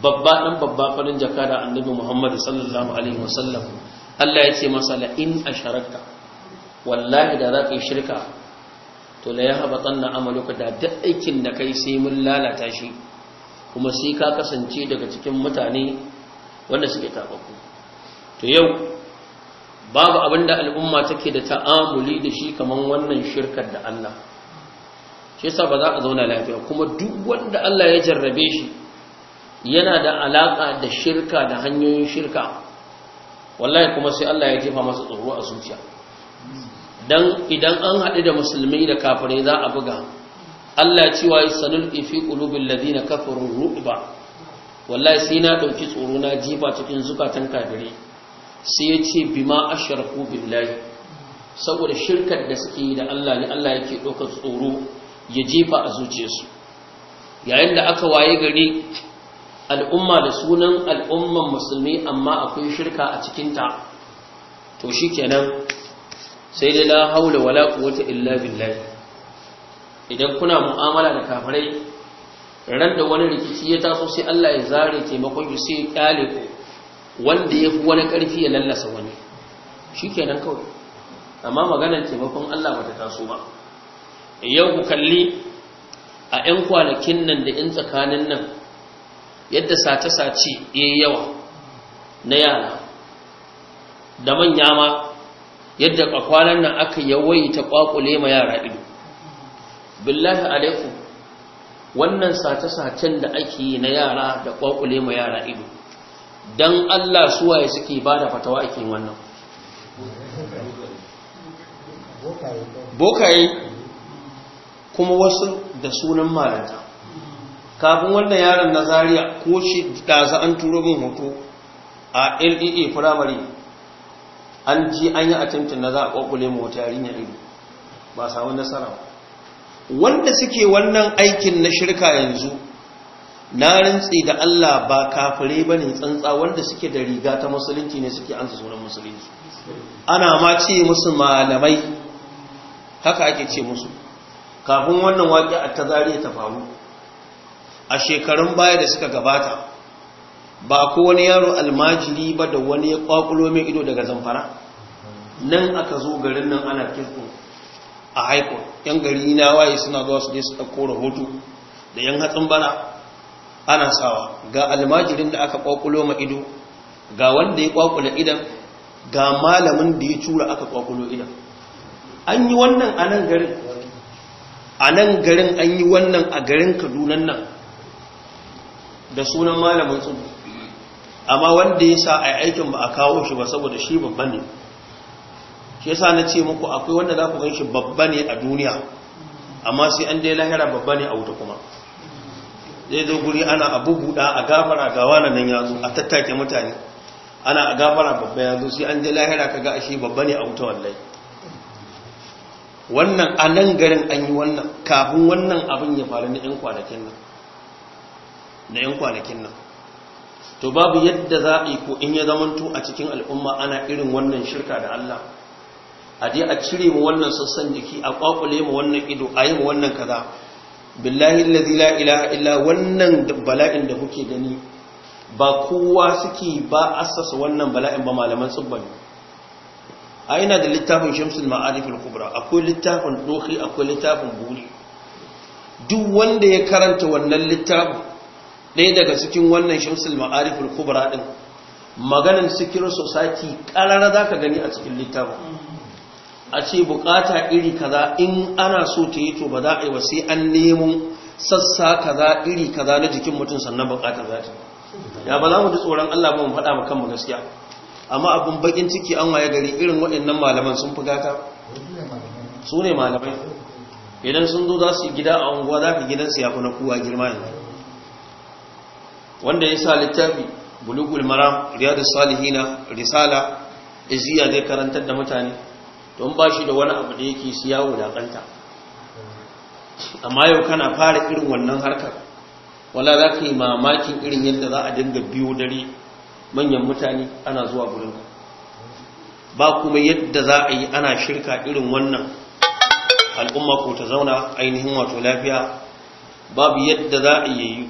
babba dan babba farin jaka da annabi Muhammad sallallahu alaihi wasallam Allah ya ce masa la in asharaka wallahi da zaka yi shirka to la yahbatanna amaluka da duk aikin da kai sai mun lalata shi kuma sai ka kasance daga cikin mutane wanda suke tafafu to yau babu abinda al'umma take da ta'amuli da shi kamar wannan shirkar da Allah shi yasa ba za a zauna lafiya kuma duk wanda Allah ya jarrabe shi yana da alaka da shirka da hanyoyin shirka wallahi kuma sai Allah ya jefa masa tsoro a zuciya dan idan an haɗu da musulmi da kafirai za a buga Allah cewa yi sanar ifi ƙulubin ladina kafarin ruɓa wallahi sai na ɗauki tsoro na jifa cikin zukatan kafirai sai ya ce bi asharku billahi saboda shirkar da suke yi da Allah ne Allah yake ɗaukar tsoro ya jefa a zuciyarsu yayin da aka waye gari al'umma da sunan al'umman musulmi amma akwai shirka a cikinta to shi kenan sai da la haula wala quwwata illa billahi idan kuna mu'amala da kafirai ran da wani rikici ya taso sai Allah ya zare taimakon ku sai kyale ku wanda yafi wani karfi ya lallasa wani shikenan kawai amma maganar taimakon Allah bata taso ba yau ku kalli a 'yan kwanakin nan da 'yan tsakanin nan yadda sace-sace yayi yawa na yara da manya ma yadda a kwakwalan nan aka yawaita kwakule ma yara ido billahi alaikum wannan sace-sacen da ake yi na yara da kwakule mu yara ido don allah suwaye suke ba da fatawa ake wannan bokaye kuma wasu da sunan malanta kafin wannan yaron na zariya ko shi ɗaza an turo min hoto a lea firamare an ji an yi atimtin na za a kwakule mu wata yarinya ido ba samun nasara ba wanda suke wannan aikin na shirka yanzu na rintsi da Allah ba kafirai ne tsantsa wanda suke da riga ta musulunci ne suke ansa sunan musulunci ana ma ce musu malamai haka ake ce musu kafin wannan waƙi a tazariya ta faru a shekarun baya da suka gabata ba ko wani yaro almajiri ba da wani ya kwakulo mai ido daga zamfara nan aka zo garin nan ana kirkun a haikon yan gari na waye suna zuwa su je su ɗauko rahoto da yan hatsin bana ana sawa ga almajirin da aka kwakulo ma ido ga wanda ya kwakula idan ga malamin da ya cura aka kwakulo idan an yi wannan a nan garin a nan garin an yi wannan a garin kadunan nan da sunan malamin tsubu amma wanda ya sa a aikin ba a kawo shi ba saboda shi babban ne shi yasa na ce muku akwai wanda za ku ganshi babba ne a duniya amma sai an dai lahira babba ne a wuta kuma zai zo guri ana abu buɗa a gafara ga wani nan ya zo a tattake mutane ana a gafara babba ya zo sai an dai lahira ka ga ashe babba ne a wuta wallai wannan a nan garin an yi wannan kafin wannan abin ya faru na 'yan kwanakin nan da 'yan kwanakin nan to babu yadda za a yi ko in ya zamanto a cikin al'umma ana irin wannan shirka da Allah a je a cire mu wannan sassan jiki a kwakule mu wannan ido a yi mu wannan kaza billahi allazi la ilaha illa wannan bala'in da kuke gani ba kowa suke ba assasa wannan bala'in ba malaman tsubban a ina da littafin shamsul al kubra akwai littafin doki akwai littafin buri duk wanda ya karanta wannan littafin ɗaya daga cikin wannan shamsul al kubra din, maganan secure society ƙarara za ka gani a cikin littafin a ce bukata iri kaza in ana so ta yi to ba za a yi sai an nemo sassa kaza iri kaza na jikin mutum sannan bukata za ta ya ba za mu ji tsoron Allah ba mu faɗa ma kanmu gaskiya amma abin bakin ciki an waye gari irin waɗannan malaman sun fi gata su ne malamai idan sun zo za su gida a unguwa za ka su ya fi na kuwa girma ne. wanda ya sa littafi bulugul maram riyadu salihina risala iziya zai karantar da mutane don ba shi da wani abu da yake su da wulaƙanta amma yau kana fara irin wannan harkar wala za ka yi mamakin irin yadda za a dinga biyo dare manyan mutane ana zuwa gudun ba kuma yadda za a yi ana shirka irin wannan al'umma ko ta zauna ainihin wato lafiya babu yadda za a yi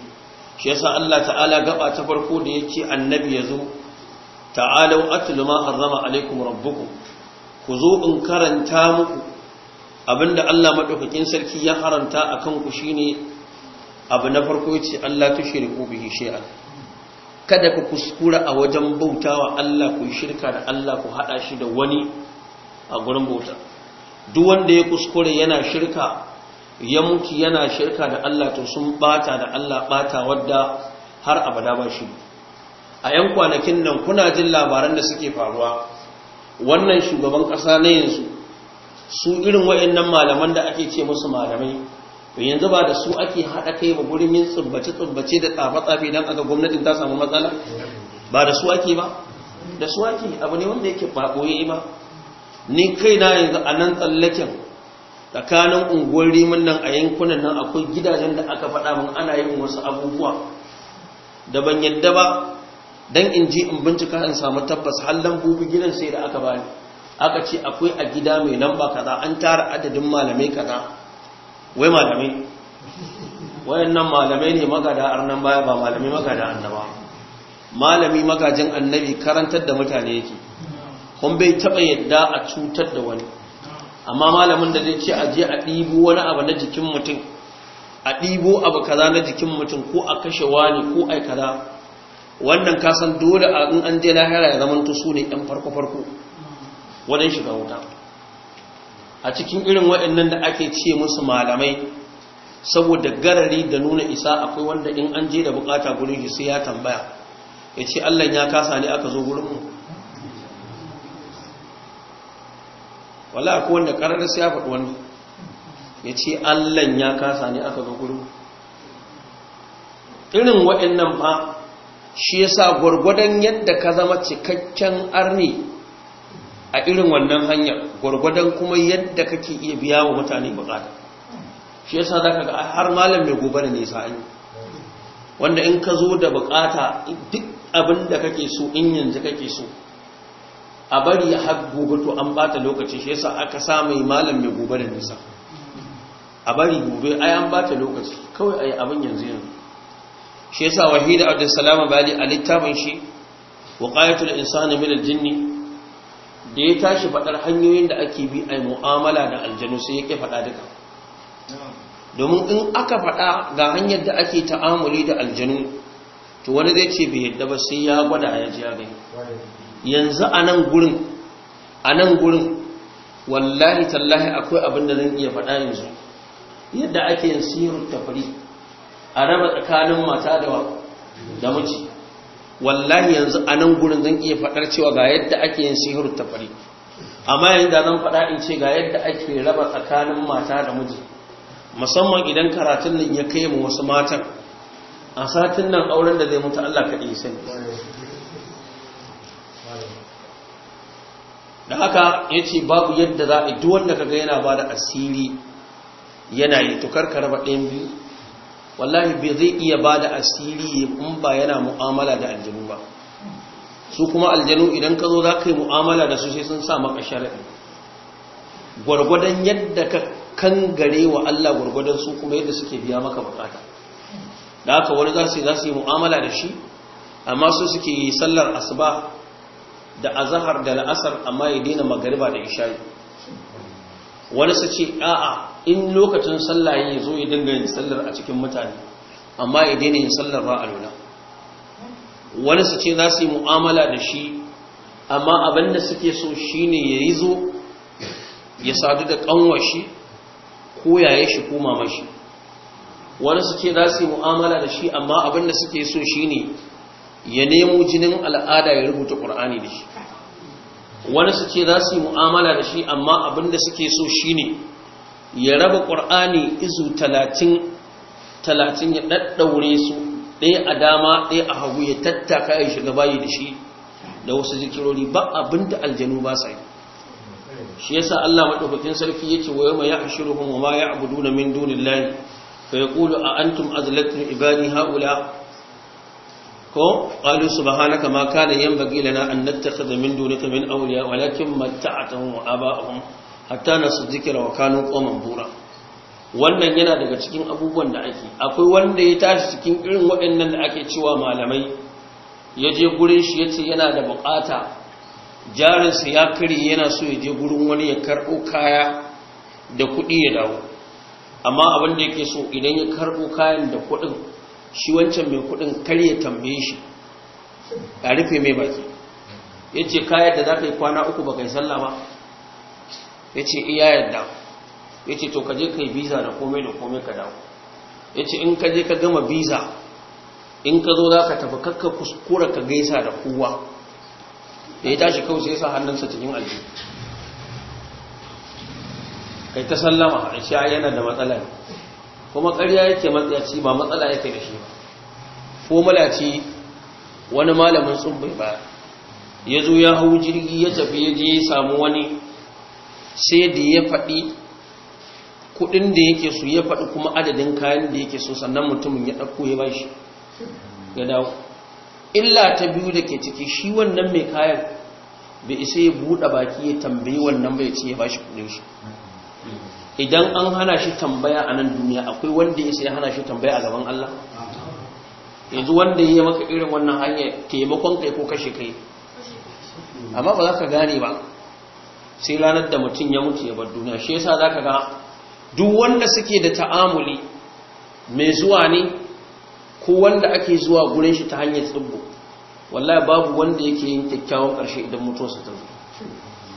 shi yasa Allah ta'ala gaba ta farko da yake annabi ya zo ta'alau atlu ma harrama alaikum rabbukum ku zo in karanta muku abinda Allah madaukakin sarki ya a akan ku shine abu na farko yace Allah ta tushriku bihi shay'an kada ku kuskura a wajen bautawa Allah ku shirka da Allah ku hada shi da wani a gurin bauta duk wanda ya kuskure yana shirka ya muki yana shirka da Allah to sun bata da Allah bata wadda har abada ba shi a yan kwanakin nan kuna jin labaran da suke faruwa wannan shugaban ƙasa na yanzu su irin wa'annan malaman da ake ce musu malamai to yanzu ba da su ake haɗa kai ba gurin yin tsubbace tsubbace da tsafa tsafe don aka gwamnatin ta samu matsala ba da su ake ba da su ake abu ne wanda yake baɓoye ba ni kai na yanzu a nan tsallaken tsakanin unguwar rimin nan a yankunan nan akwai gidajen da aka faɗa min ana yin wasu abubuwa da ban yadda ba Don in ji in bincika in samu tabbas hallon lambobi gidan sai da aka bani aka ce akwai a gida mai lamba kaza an tara adadin malamai kaza wai malamai wayannan malamai ne magada arnan baya ba malami magada annaba malami magajin annabi karantar da mutane yake kun bai taba yadda a cutar da wani amma malamin da zai ce a je a ɗibo wani abu na jikin mutum a ɗibo abu kaza na jikin mutum ko a kashe wani ko ai kaza wannan kasan dole a in an je lahira ya zamanto su ne ɗan farko-farko wadan shiga wuta a cikin irin waɗannan da ake ce musu malamai saboda garari da nuna isa akwai wanda in an je da bukata gurin shi sai ya tambaya ya ce allah ya kasa ne aka zo gurinmu wala akwai wanda ƙarar sai ya faɗi wani ya ce allah ya kasa ne aka zo gurinmu irin waɗannan ba shi yasa gwargwadon yadda ka zama cikakken arni a irin wannan hanyar gwargwadon kuma yadda kake iya biya wa mutane bukata shi yasa zaka ga har malam mai gobe da nisa an wanda in ka zo da bukata duk abin da kake so in yanzu kake so a bari ya har gobe to an bata lokaci shi yasa aka sa mai malam mai gobe da nisa a bari gobe ai an bata lokaci kawai ai abin yanzu yanzu shi yasa wahida abdussalam bali a littafin shi waqayatul insani min aljinni da ya tashi fadar hanyoyin da ake bi a mu'amala da aljanu sai yake fada duka domin in aka fada ga hanyar da ake ta'amuli da aljanu to wani zai ce bai yadda ba sai ya gwada ya ji ya yanzu a nan gurin a nan gurin wallahi tallahi akwai abin da zan iya faɗa yanzu yadda ake yin sirrin tafari a raba tsakanin mata da wa da wallahi yanzu a nan gurin zan iya faɗar cewa ga yadda ake yin sihiru ta amma yanzu zan faɗa in ce ga yadda ake raba tsakanin mata da miji musamman idan karatun nan ya kai mu wasu matan a satin nan auren da zai mutu Allah kaɗai sani da haka ya ce babu yadda za a duk wanda ga yana ba da asiri yana yi tukar ka raba ɗayan biyu wallahi bai zai iya ba da asiri in ba yana mu'amala da aljanu ba su kuma aljanu idan ka zo za ka yi mu'amala da su sai sun sa maka sharaɗi gwargwadon yadda ka kangare wa Allah gwargwadon su kuma yadda suke biya maka bukata da haka wani za su yi mu'amala da shi amma su suke yi sallar asuba da azahar da la'asar amma ya daina magariba da isha'i wani su ce a'a in lokacin sallah ya zo ya dinga yin sallar a cikin mutane amma ya daina yin sallar ba a luna wani su ce za su yi mu'amala da shi amma abin da suke so shi ne ya yi zo ya sadu da ƙanwashi, shi ko yaye shi ko mamashi wani su ce za su yi mu'amala da shi amma abin da suke so shi ne ya nemo jinin al'ada ya rubuta ƙur'ani da shi wani su ce za su yi mu'amala da shi amma abin da suke so shi ne. ya raba ƙur'ani izu talatin talatin ya ɗaɗɗaure su ɗaya a dama ɗaya a hagu ya tattaka ya shiga bayi da shi da wasu zikirori ba abin da aljanu ba sa yi shi yasa Allah madaukakin sarki yake wa yawma yahshuruhum wa ma ya'buduna min dunillahi fa kulu a antum azlatum ibadi haula ko qalu subhanaka ma kana yanbaghi lana an da min dunika min awliya walakin matta'tahum a aba'ahum hatta na su zikira wa kanun qoman bura wannan yana daga cikin abubuwan da ake akwai wanda ya tashi cikin irin waɗannan da ake cewa malamai ya je gurin shi ya ce yana da bukata jarinsa ya kare yana so ya je gurin wani ya karɓo kaya da kuɗi ya dawo amma abin da yake so idan ya karɓo kayan da kuɗin shi wancan mai kuɗin kar ya tambaye shi a rufe mai baki ya ce kayan da za ka yi kwana uku ba kai sallah ba ya ce iya eh, yadda ya ce to kaje ka yi biza da komai da komai ka dawo ya ce in kaje ka gama visa in ka zo za ka tafi kakka kuskura ka gaisa da kowa da ya tashi kawai sai ya sa hannunsa cikin aljihu kai ta sallama a shi yana da matsala ne kuma ƙarya yake matsayaci ba matsala yake da shi ba ko ce wani malamin tsumbai ba ya zo ya hau jirgi ya tafi ya je ya samu wani sai da ya faɗi kuɗin da yake so ya faɗi kuma adadin kayan da yake so sannan mutumin ya ɗauko ya bashi ya dawo illa ta biyu da ke ciki shi wannan mai kayan bai isa ya buɗe baki ya tambayi wannan bai ce ya bashi kuɗin shi idan an hana shi tambaya a nan duniya akwai wanda ya sai hana shi tambaya a gaban Allah yanzu wanda ya maka irin wannan hanyar taimakon kai ko kashe kai amma ba za ka gane ba sai ranar da mutum ya mutu ya bar duniya shi yasa zaka ga duk wanda suke da ta'amuli mai zuwa ne ko wanda ake zuwa gurin shi ta hanyar tsibbo wallahi babu wanda yake yin kyakkyawan karshe idan mutuwarsa ta zo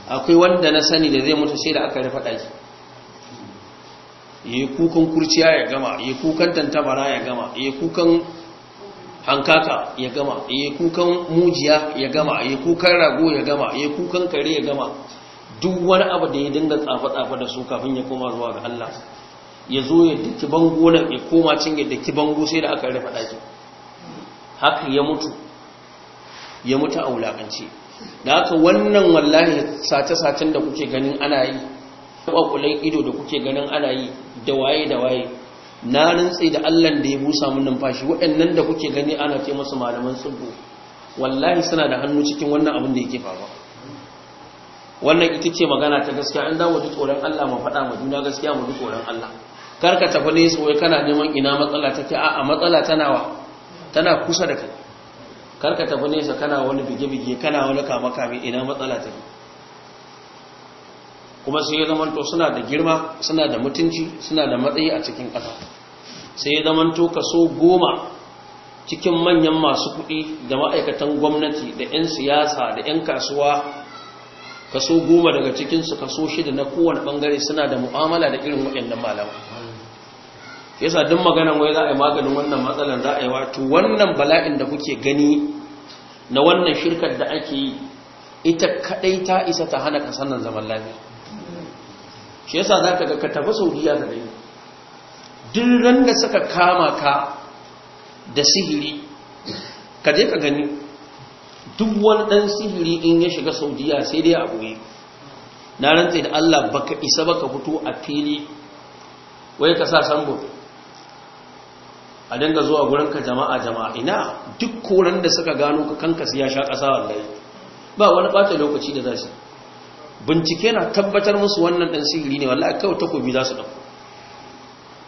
akwai wanda na sani da zai mutu sai da aka rufe daki yayi kukan kurciya ya gama yayi kukan tantabara ya gama yayi kukan hankaka ya gama yayi kukan mujiya ya gama yayi kukan rago ya gama yayi kukan kare ya gama duk wani abu da ya dinga tsafa-tsafa da su kafin ya koma zuwa ga Allah ya zo ya daki bango nan ya koma cin ya daki bango sai da aka rufe ɗaki haka ya mutu ya mutu a wulaƙance da haka wannan wallahi sace-sacen da kuke ganin ana yi ƙwaƙulan ido da kuke ganin ana yi da waye da waye na rantsi da Allah da ya busa mun numfashi waɗannan da kuke gani ana ce musu malaman tsibbo wallahi suna da hannu cikin wannan abin da yake faruwa wannan ita ce magana ta gaskiya an zamu ji tsoron Allah mu faɗa ma juna gaskiya mu ji tsoron Allah kar ka tafi ne sai kana neman ina matsala take a a matsala tana wa tana kusa da kai kar ka tafi nesa kana wani bige-bige kana wani kama-kame ina matsala take kuma sai ya to suna da girma suna da mutunci suna da matsayi a cikin ƙasa sai ya to kaso goma cikin manyan masu kuɗi da ma'aikatan gwamnati da 'yan siyasa da 'yan kasuwa kaso goma daga cikinsu kaso shida na kowane bangare suna da mu'amala da irin waɗannan malamai. yasa duk maganan wai za a yi maganin wannan matsalan za a yi wato wannan bala'in da kuke gani na wannan shirkar da ake yi ita kadai ta isa ta hana kasan nan zaman lafiya shi za ka ka tafi biya da dai duk suka kama ka da sihiri ka je ka gani duk wani ɗan sihiri in ya shiga saudiya sai dai a ɓoye na rantse da allah baka isa baka fito a fili wai ka sa sambo a dinga zuwa gurinka jama'a jama'a ina duk koran da suka gano ka kanka siya sha ƙasa wallahi ba wani ɓata lokaci da za su bincike na tabbatar musu wannan ɗan sihiri ne wallahi kawai takobi za su ɗauko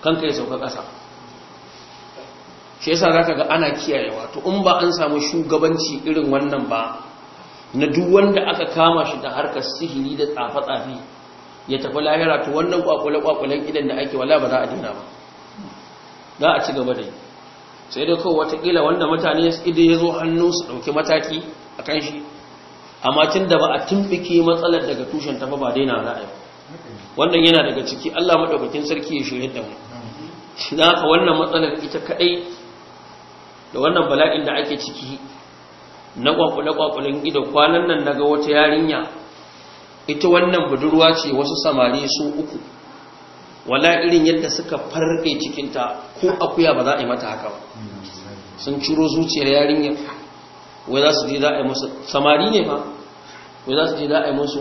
kanka ya sauka ƙasa shi yasa zaka ga ana kiyayewa to in ba an samu shugabanci irin wannan ba na duk wanda aka kama shi da harkar sihiri da tsafa-tsafi ya tafi lahira to wannan kwakwale-kwakwalen idan da ake wala ba za a dina ba za a ci gaba da yi sai dai kawai watakila wanda mutane idan ya zo hannu su ɗauki mataki a kan shi amma tun da ba a tumbike matsalar daga tushen tafa ba daina yi wannan yana daga ciki allah maɗaukakin sarki ya shirya da mu shi za wannan matsalar ita kaɗai da wannan bala'in da ake ciki na kwakwale-kwakwalen ido kwanan nan naga wata yarinya ita wannan budurwa ce wasu samari su uku wala irin yadda suka farɗe cikinta ko akuya ba za a yi mata haka ba sun ciro zuciyar yarinya. wai za su je za a yi musu samari ne ba wai za su je za a yi musu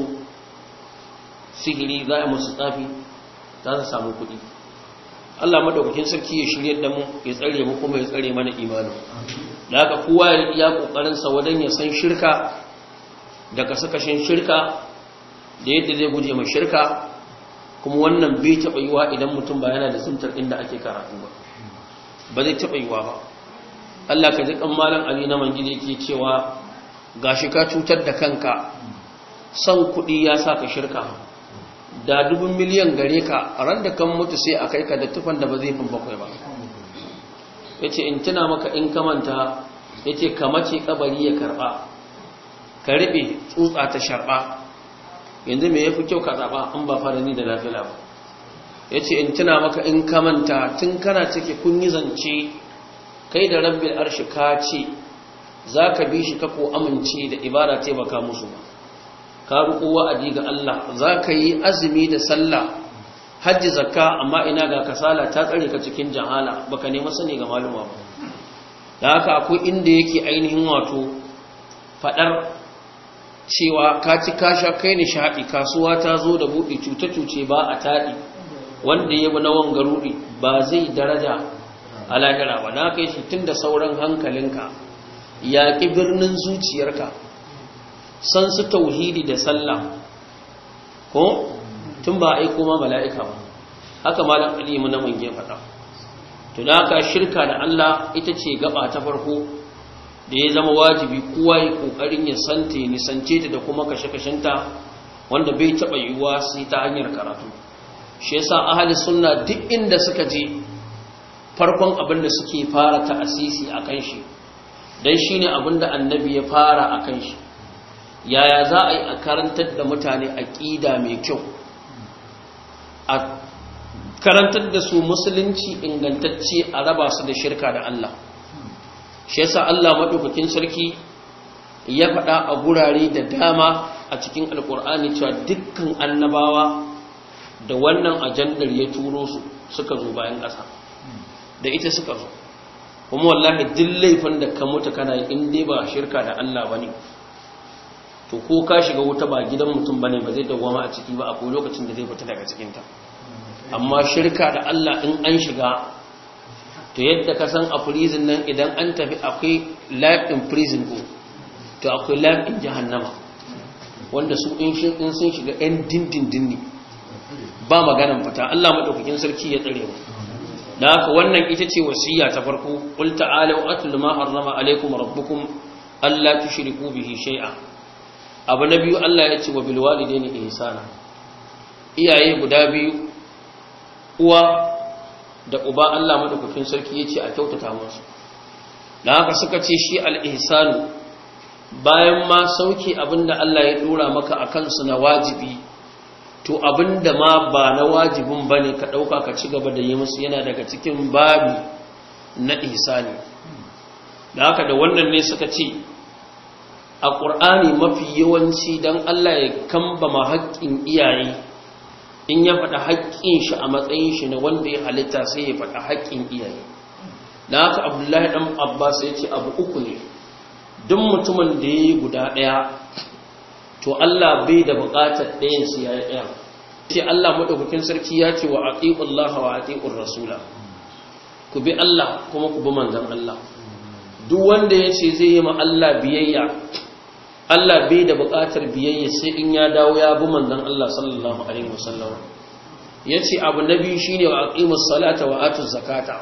sigiri za a yi musu tsafi za su samu kuɗi Allah madaukakin sarki ya shirye da mu ya tsare mu kuma ya tsare mana imanin da haka kowa ya iya kokarin sa wajen ya san shirka da shin shirka da yadda zai guje ma shirka kuma wannan bai taɓa yiwa idan mutum ba yana da sumtar inda ake karatu ba ba zai taɓa yiwa ba Allah ka ji kan malam Ali na mangide yake cewa gashi ka cutar da kanka san kuɗi ya sa ka shirka da dubin miliyan gare ka ran da kan mutu sai a kai ka da tufan da ba zai fi bakwai ba ya ce in tuna maka in kamanta ya ce kamace kabari ya karba ka riɓe tsutsa ta sharba yanzu me ya fi kyau ka zaɓa an ba fara ni da lafila ba ya ce in tuna maka in kamanta tun kana cike kun yi zance kai da rabbi arshi ka ce za ka bi shi ko amince da ibada taimaka musu ba ka riƙo wa'adi ga Allah za ka yi azumi da sallah hajji zakka amma ina ga kasala ta tsare ka cikin jahala baka nema sani ga maluma ba da haka akwai inda yake ainihin wato faɗar cewa ka ci kasha kai nishaɗi kasuwa ta zo da buɗe cuta cuce ba a taɗi wanda ya bi na ruɗi ba zai daraja a ba na kai shi tun da sauran hankalinka yaƙi birnin zuciyarka san su tauhidi da sallah ko tun ba aiko ma mala'ika ba haka malam mun na mun faɗa to da ka shirka da Allah ita ce gaba ta farko da ya zama wajibi kowa ya kokarin ya sante ni sance ta da kuma kashe-kashenta wanda bai taɓa yiwuwa sai ta hanyar karatu shi yasa ahli sunna duk inda suka je farkon abin da suke fara ta asisi akan shi dan shine abin da annabi ya fara akan shi yaya za a yi a karantar da mutane aƙida mai kyau a karantar da su musulunci ingantacce a raba su da shirka da Allah shi yasa Allah maɗaukakin sarki ya faɗa a gurare da dama a cikin alƙur'ani cewa dukkan annabawa da wannan ajandar ya turo su suka zo bayan ƙasa da ita suka zo kuma wallahi duk laifin da ka mutu kana in dai ba shirka da Allah bane to ko ka shiga wuta ba gidan mutum bane ba zai dawwama a ciki ba akwai lokacin da zai fita daga cikin ta amma shirka da Allah in an shiga to yadda ka san a prison nan idan an tafi akwai life in prison ko to akwai life in jahannama wanda su in sun shiga yan dindindin ne ba maganan fita Allah madaukakin sarki ya tsare mu da haka wannan ita ce wasiya ta farko qul ta'alu atlu ma harrama alaykum rabbukum alla tushriku bihi shay'an abu na biyu Allah ya ce wa ni ihsana iyaye guda biyu uwa da uba Allah madaukakin sarki ya ce a kyautata musu dan haka suka ce shi al-ihsanu bayan ma sauki abinda Allah ya dora maka a kansu na wajibi to abinda ma ba na wajibin bane ka dauka ka ci gaba da yi musu yana daga cikin babi na ihsani dan haka da wannan ne suka ce a ƙur'ani mafi yawanci don Allah ya kambama haƙƙin iyaye in ya faɗa haƙƙin shi a matsayin shi na wanda ya halitta sai ya faɗa haƙƙin iyaye Na haka abdullahi ɗan abbas ya ce abu uku ne duk mutumin da ya yi guda ɗaya to Allah bai da buƙatar ɗayan su ya yi ɗaya ce Allah maɗaukakin sarki ya ce wa aqiqullaha wa rasula ku bi Allah kuma ku bi manzon Allah duk wanda ya ce zai yi ma Allah biyayya Allah bai da buƙatar biyayya sai in ya dawo ya bi manzon Allah sallallahu alaihi wasallam yace abu nabi shine wa aqimus salata wa atuz zakata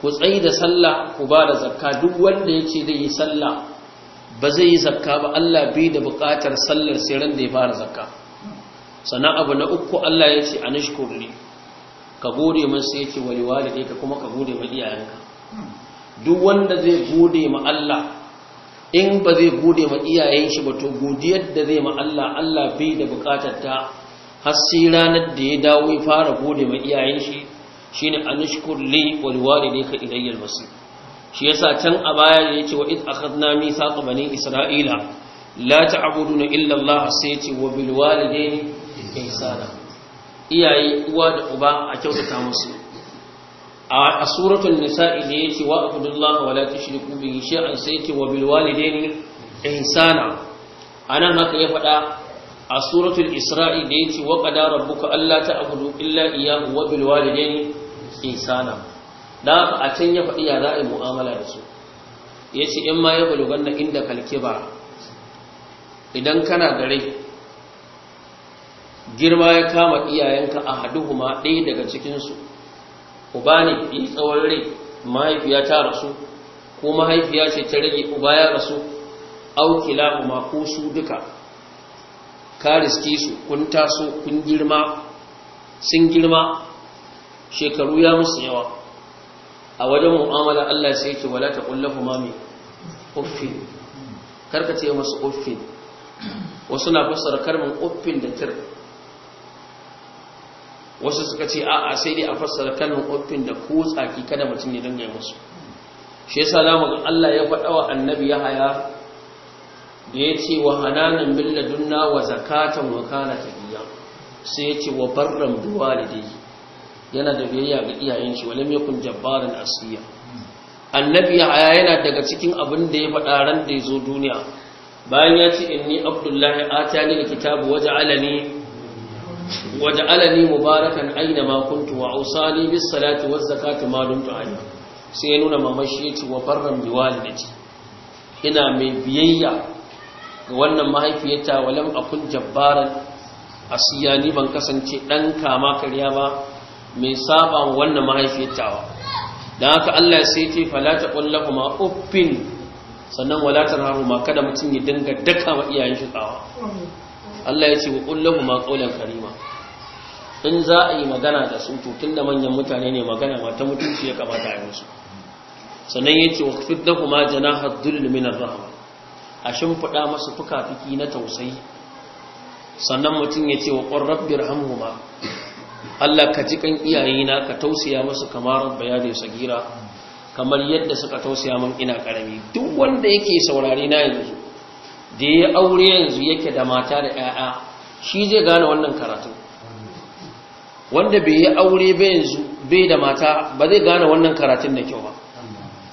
ku tsayi da sallah ku ba da zakka duk wanda yace zai yi sallah ba zai yi zakka ba Allah bai da buƙatar sallar sai ran da ya fara zakka sannan abu na uku Allah ya ce anishkur li ka gode min sai yake wali ka kuma ka gode wa iyayenka duk wanda zai gode ma Allah in ba zai gode ma iyayen shi ba to godiyar da zai ma Allah Allah bai da bukatar ta har sai ranar da ya dawo ya fara gode ma iyayen shi shine anushkur li wal walidayka ilayya al masir shi yasa can a baya yace wa id akhadna mithaqa bani isra'ila la ta'buduna illa Allah sai yace wa bil walidayni ihsana iyaye uwa da uba a kyautata musu a suratul nisa'i ne yake wa abudullahi wala tushriku bihi shay'an sai yake wa bil walidaini ihsana anan haka ya faɗa a suratul isra'i da yake wa qad rabbuka alla ta'budu illa iyyahu wa bil walidaini ihsana da a can ya faɗi ya za a yi mu'amala da su yace in ma ya bulugan na inda kalkiba idan kana gare girma ya kama iyayenka a haduhuma ɗaya daga cikinsu uba ne yi tsawon rai mahaifiya ta rasu ko mahaifiya ce ta rage uba ya rasu aukila ma ko su duka ka riske su kun taso kun girma sun girma shekaru ya musu yawa a wajen mu'amala Allah sai ke wala ta kullahu ma mi uffin karka ce masu uffin wasu na fassara karmin uffin da tir wasu suka ce a'a sai dai a fassara kalmar uffin da ko tsaki kada mutum ya dinga musu shi yasa zamu ga Allah ya faɗa wa annabi Yahaya da ya ce wa hananan min ladunna wa zakatan wa kana tabiya sai ya ce wa barran bi yana da biyayya ga iyayen shi walam yakun jabbaran asiya annabi Yahaya yana daga cikin abin da ya faɗa ran da ya zo duniya bayan ya ce inni abdullahi atani kitabu waja'alani waj'alani mubarakan aina ma kuntu wa awsali bis salati waz zakati ma dumtu alayhi sai ya nuna mamashi yace wa barran bi walidati ina mai biyayya ga wannan mahaifiyata walam akun jabbaran asiya ni ban kasance dan kama kariya ba mai saba wannan ba dan haka Allah sai ya ce fala taqul lahum uffin sannan wala tanharu ma kada mutun ya dinga daka wa iyayen shi tsawa Allah ya ce wa kullahu ma qawlan karima in za a yi magana da su to tunda manyan mutane ne magana ma ta mutunci ya kamata a yi musu ya yace wa khfid ma janaha dhull min ar-rahma a shimfida musu fuka-fiki na tausayi sannan mutum ya ce wa qur rabbir Allah ka ji kan iyayena ka tausaya musu kamar da sagira kamar yadda suka tausaya min ina karami duk wanda yake saurare na yanzu da ya aure yanzu yake da mata da 'ya'ya shi zai gane wannan karatu wanda bai yi aure bai yanzu bai da mata ba zai gane wannan karatun da kyau ba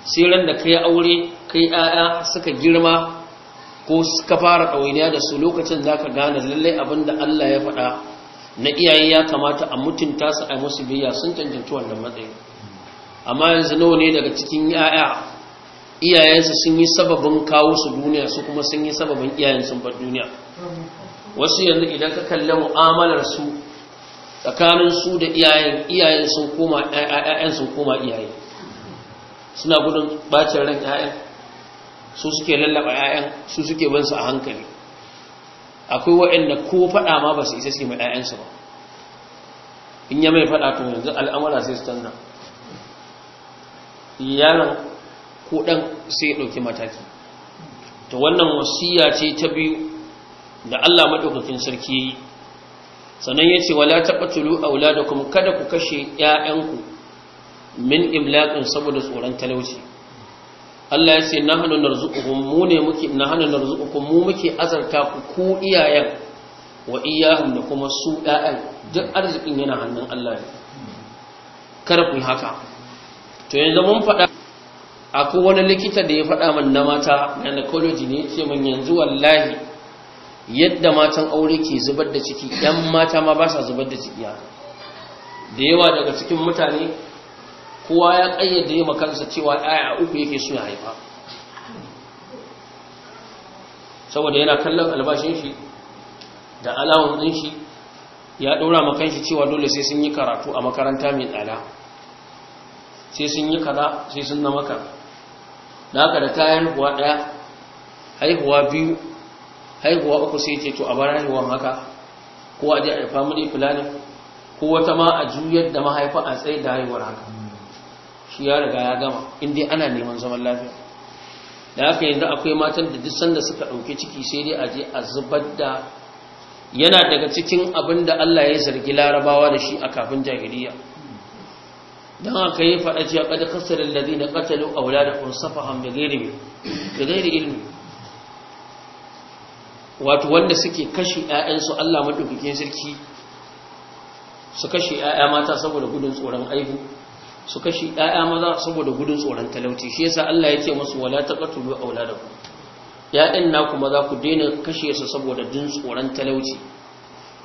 sai ran da kai aure kai 'ya'ya suka girma ko suka fara ɗawainiya da su lokacin za ka gane lallai abin da Allah ya faɗa na iyaye ya kamata a mutunta su a yi musu biya sun cancanci wannan matsayin. amma yanzu nawa ne daga cikin yaya iyayensu sun yi sababin kawo su duniya su kuma sun yi sababin iyayensu ba duniya wasu yanzu idan ka kalli mu'amalar su tsakanin su da iyayen iyayen sun koma ƴaƴan sun koma iyaye suna gudun bacin ran ƴaƴan su suke lallaba ƴaƴan su suke bin su a hankali akwai waɗanda ko faɗa ma ba su isa su yi su ba in ya mai faɗa to yanzu al'amura sai su tanna yaron ko ɗan sai ya ɗauki mataki to wannan wasiya ce ta biyu da Allah maɗaukakin sarki yi sannan ya ce wala taɓatulu auladakum kada ku kashe ‘ya'yanku min imlaƙin saboda tsoron talauci Allah ya ce na hannun mu ne muke na hannun mu muke azarta ku ku iyayen wa iyahun da kuma su ‘ya'yan duk arzikin yana hannun Allah ne kada ku haka to yanzu mun faɗa aku wani likita da ya faɗa min na mata gynecology ne ce min yanzu wallahi yadda matan aure ke zubar da ciki yan mata ma ba sa zubar da ciki da yawa daga cikin mutane kowa ya ƙayyade ya makansa cewa ɗaya uku yake so ya haifa saboda yana kallon albashin shi da alawun ɗin shi ya ɗora kan shi cewa dole sai sun yi karatu a makaranta mai ɗala, sai sun yi kaza sai sun na haka da ta haihuwa ɗaya haihuwa biyu haihuwa uku sai ce to a bar haihuwan haka ko a je a family planning ko wata ma a juyar da mahaifa a tsaye da haihuwar haka shi ya riga ya gama dai ana neman zaman lafiya da haka yanzu akwai matan da duk sanda suka ɗauki ciki sai dai a je a zubar da yana daga cikin abin da Allah ya zargi larabawa da shi a kafin jahiliya don haka yi faɗa cewa ƙada kasarar da na a wula da kunsafa hamda gairi ilmi wato wanda suke kashe 'ya'yansu allah maɗaukakin sarki su kashe 'ya'ya mata saboda gudun tsoron aihu su kashe 'ya'ya maza saboda gudun tsoron talauci shi yasa allah ya ce musu wala ta a wula da ku ‘ya'yan na kuma za ku daina kashe su saboda jin tsoron talauci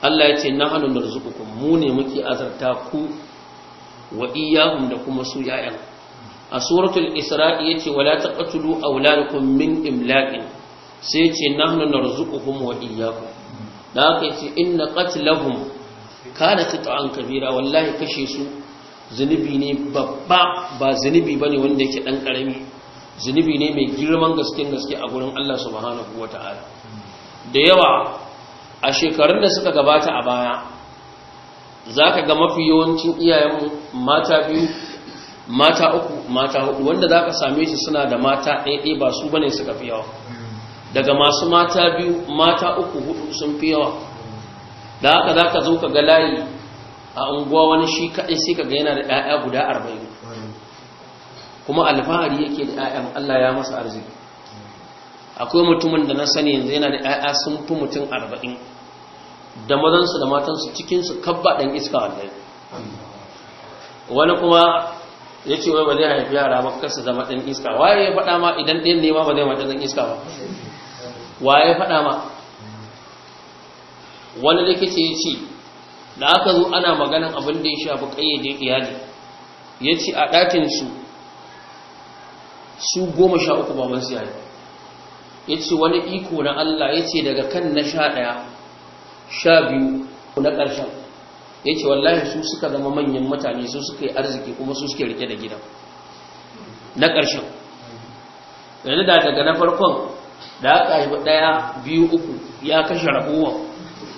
Allah ya ce na hannun da mu ne muke azarta ku wa iyahum da kuma su yayan a suratul isra'i yace wala taqtulu awladakum min imlaqin sai yace nahnu narzuquhum wa iyyakum da haka yace inna qatlahum kana qit'an kabira wallahi kashe su zunubi ne babba ba zunubi bane wanda yake dan karami zunubi ne mai girman gaske gaske a gurin Allah subhanahu wataala da yawa a shekarun da suka gabata a baya za ka ga mafi yawancin iyayenmu mata biyu mata uku mata hudu wanda za ka same shi suna da mata ɗaiɗe ba su bane suka fi yawa daga masu mata biyu mata uku hudu sun fi yawa da haka za ka zo ka ga layi a unguwa wani shi kaɗai sai ka ga yana da ‘ya'ya guda arba'in kuma alfahari yake da ‘ya'yan Allah ya masa arziki akwai mutumin da na sani yanzu yana da ‘ya'ya sun fi mutum arba'in da mazansu da matansu cikinsu kabba ɗan iska wannan wani kuma ya ce wai ba zai haifi yara ba kasa zama ɗan iska waye ya faɗa ma idan ɗin nema ba zai mata ɗan iska ba waye ya faɗa ma wani likita ya ce da aka zo ana maganin abin da ya shafi ƙayyade iyali ya ce a ɗakinsu su goma sha uku baban su yayi ya ce wani iko na Allah ya ce daga kan na sha ɗaya sha biyu na ƙarshen ya ce wallahi su suka zama manyan mutane su suka yi arziki kuma su suke rike da gidan na ƙarshen yanzu da daga na farkon da aka haifi ɗaya biyu uku ya kashe rahuwa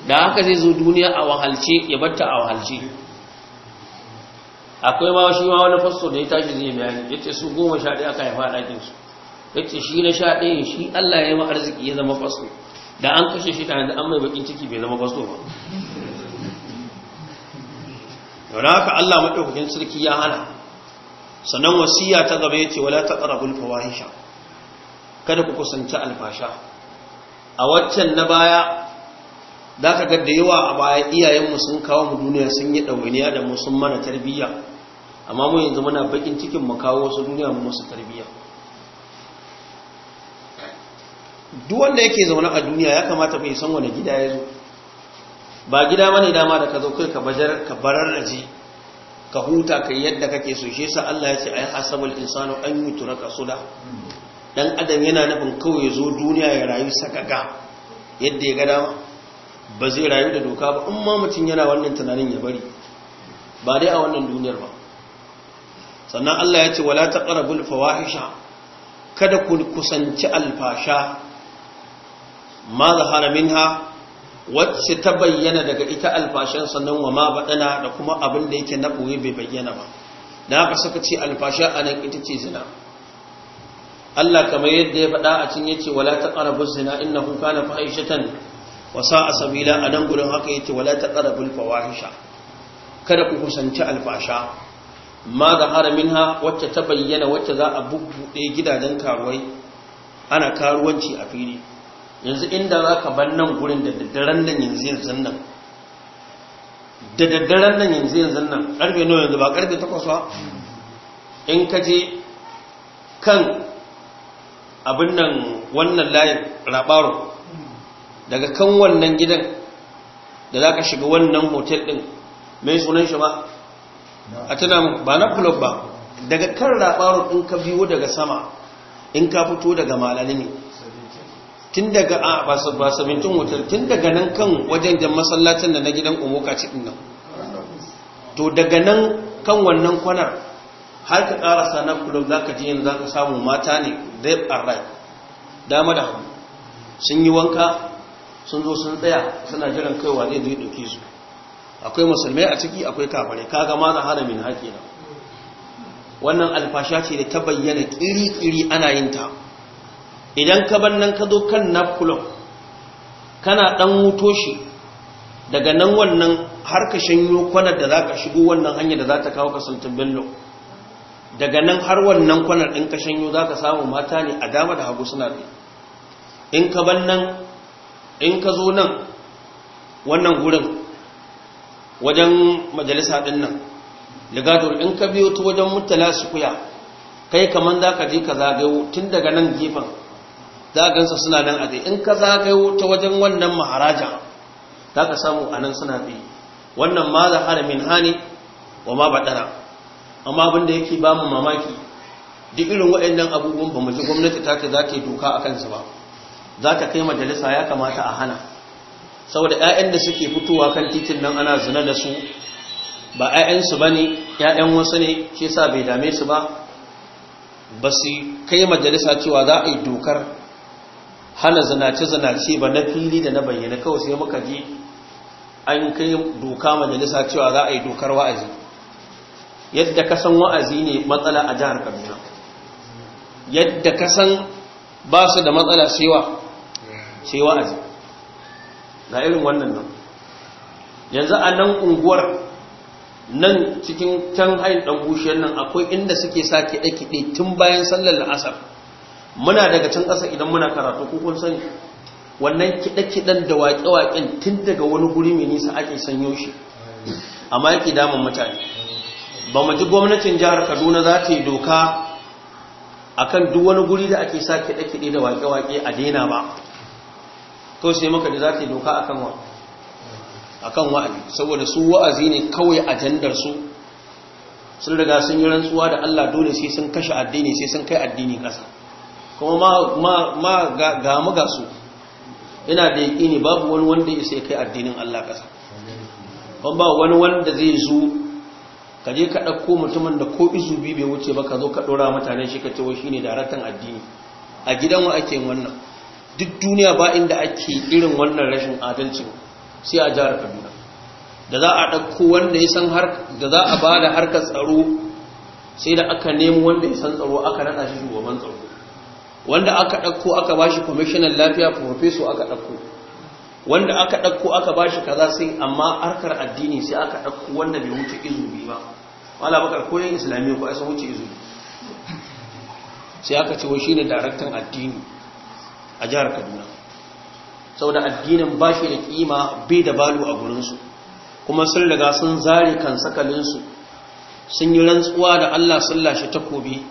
da haka zai zo duniya a wahalce ya batta a wahalce akwai ma shi ma wani fasto da ya tashi zai bayani ya ce su goma sha ɗaya aka haifa ɗakinsu ya ce shi na sha ɗayan shi allah ya yi ma arziki ya zama fasto da an kashe shi da yanzu an mai bakin ciki bai zama fasto ba yana haka Allah maɗaukakin sarki ya hana sannan wasiya ta gaba ya ce wala ta ƙarabul fawahisha kada ku kusanci alfasha a waccan na baya za ka da yawa a baya iyayenmu sun kawo mu duniya sun yi ɗawainiya da mu mana tarbiyya amma mu yanzu muna bakin cikin mu kawo su duniya mu musu tarbiyya duk wanda yake zaune a duniya ya kamata bai san wani gida ya zo ba gida ne dama da ka zo kai ka bajar ka bararraje ka huta kai yadda kake so shi yasa Allah ya ce ayi hasabul insanu an yutraka suda dan adam yana nufin kawai ya zo duniya ya rayu sakaga yadda ya ga dama ba zai rayu da doka ba in ma mutum yana wannan tunanin ya bari ba dai a wannan duniyar ba sannan Allah ya ce wala taqrabul fawahisha kada ku kusanci alfasha ma zahara minha wacce ta bayyana daga ita alfashin sannan wa ma baɗana da kuma abin da yake na ɓoye bai bayyana ba Na haka suka ce alfasha a nan ita ce zina Allah kamar yadda ya faɗa a cin yace wala ta taqrabu zina na kana fahishatan wa sa'a sabila a nan gurin haka yace wala fawahisha kada ku kusanci alfasha ma minha wacce ta bayyana wacce za a gidajen karuwai ana karuwanci a fili yanzu inda za ka ban nan gurin da daddaren nan yanzu yanzu nan da daddaren nan yanzu yanzu nan karfe nawa yanzu ba karfe takwas ba in ka je kan abin nan wannan layin rabaro daga kan wannan gidan da za ka shiga wannan hotel ɗin mai sunan shi ba a tuna ba na kulob ba daga kan rabaro in ka biyo daga sama in ka fito daga ne. tun daga a ba mintun wutar tun daga nan kan wajen jan masallacin da na gidan umuka cikin nan to daga nan kan wannan kwanar har ka ƙara sanar kudu za ka jiyan za ka samu mata ne zai ɓarrai dama da hannu sun yi wanka sun zo sun tsaya suna jiran kaiwa zai zai ɗauki su akwai musulmai a ciki akwai kafare ka ma za haramin haƙi na wannan alfasha ce da ta bayyana ƙiri-ƙiri ana yin ta idan ka bar nan ka zo kan nafulon kana ɗan wuto shi daga nan wannan har ka shanyo kwanar da za ka shigo wannan hanyar da za ta kawo kasantin bello daga nan har wannan kwanar din ka shanyo za ka samu mata ne a dama da hagu suna ɗaya in ka bar nan in ka zo nan wannan gurin wajen majalisa ɗin nan in ka biyo ta wajen mutala sukuya kai kamar za ka je ka zagayo tun daga nan gefen za gansa suna nan a in ka zagayo ta wajen wannan maharaja za ka samu a nan suna bi wannan ma za haramin hani wa ma baɗara amma abin yake ba mu mamaki duk irin waɗannan abubuwan ba mu ji gwamnati ta ce za ta yi doka a kansu ba za ta kai majalisa ya kamata a hana saboda 'ya'yan da suke fitowa kan titin nan ana zina da su ba 'ya'yansu ba ne 'ya'yan wasu ne ke sa bai dame su ba ba su kai majalisa cewa za a yi dokar hana zinace-zinace ba na fili da na bayyana kawai sai muka ji an kai doka majalisa cewa za a yi dokar wa'azi yadda kasan wa'azi ne matsala a jihar kaduna yadda kasan ba su da matsala cewa sai wa'azi na irin wannan nan yanzu a nan unguwar nan cikin can hain ɗan gushiyar nan akwai inda suke sa kiɗe-kiɗe tun bayan sallar la'asar muna daga can ƙasa idan muna karatu ko kun sani wannan kiɗe-kiɗen da waƙe-waƙen tun daga wani guri mai nisa ake sanyo shi amma yake damun mutane ba mu ji gwamnatin jihar kaduna za ta yi doka akan duk wani guri da ake sa kiɗe-kiɗe da waƙe-waƙe a daina ba kawai sai maka da za ta yi doka akan wa akan wa'azi saboda su wa'azi ne kawai ajandar su sun riga sun yi rantsuwa da Allah dole sai sun kashe addini sai sun kai addini ƙasa kuma ma ga su ina da ne babu wani wanda ya kai addinin Allah ƙasa kuma ba wani wanda zai zo ka je ka ɗauko mutumin da ko izu biyu bai wuce ba ka zo ka ɗora mutane shi ka ce wa ne daraktan addini a gidan wa ake wannan duk duniya ba inda ake irin wannan rashin adalcin sai a jihar Kaduna da za a ɗauko wanda ya san har da za a ba da harkar tsaro sai da aka nemo wanda ya san tsaro aka naɗa shi shugaban tsaro wanda aka ɗauko aka ba shi kwamishinan lafiya profeso aka ɗauko wanda aka ɗauko aka ba shi kaza sai amma harkar addini sai aka ɗauko wanda bai wuce izubi ba wala bakar koyon islamiyya ko asa wuce izubi sai aka ce wai ne daraktan addini a jihar kaduna saboda addinin ba shi da kima bai da balu a gurinsu kuma sun riga sun zare kan sakalinsu sun yi rantsuwa da allah sun ta takobi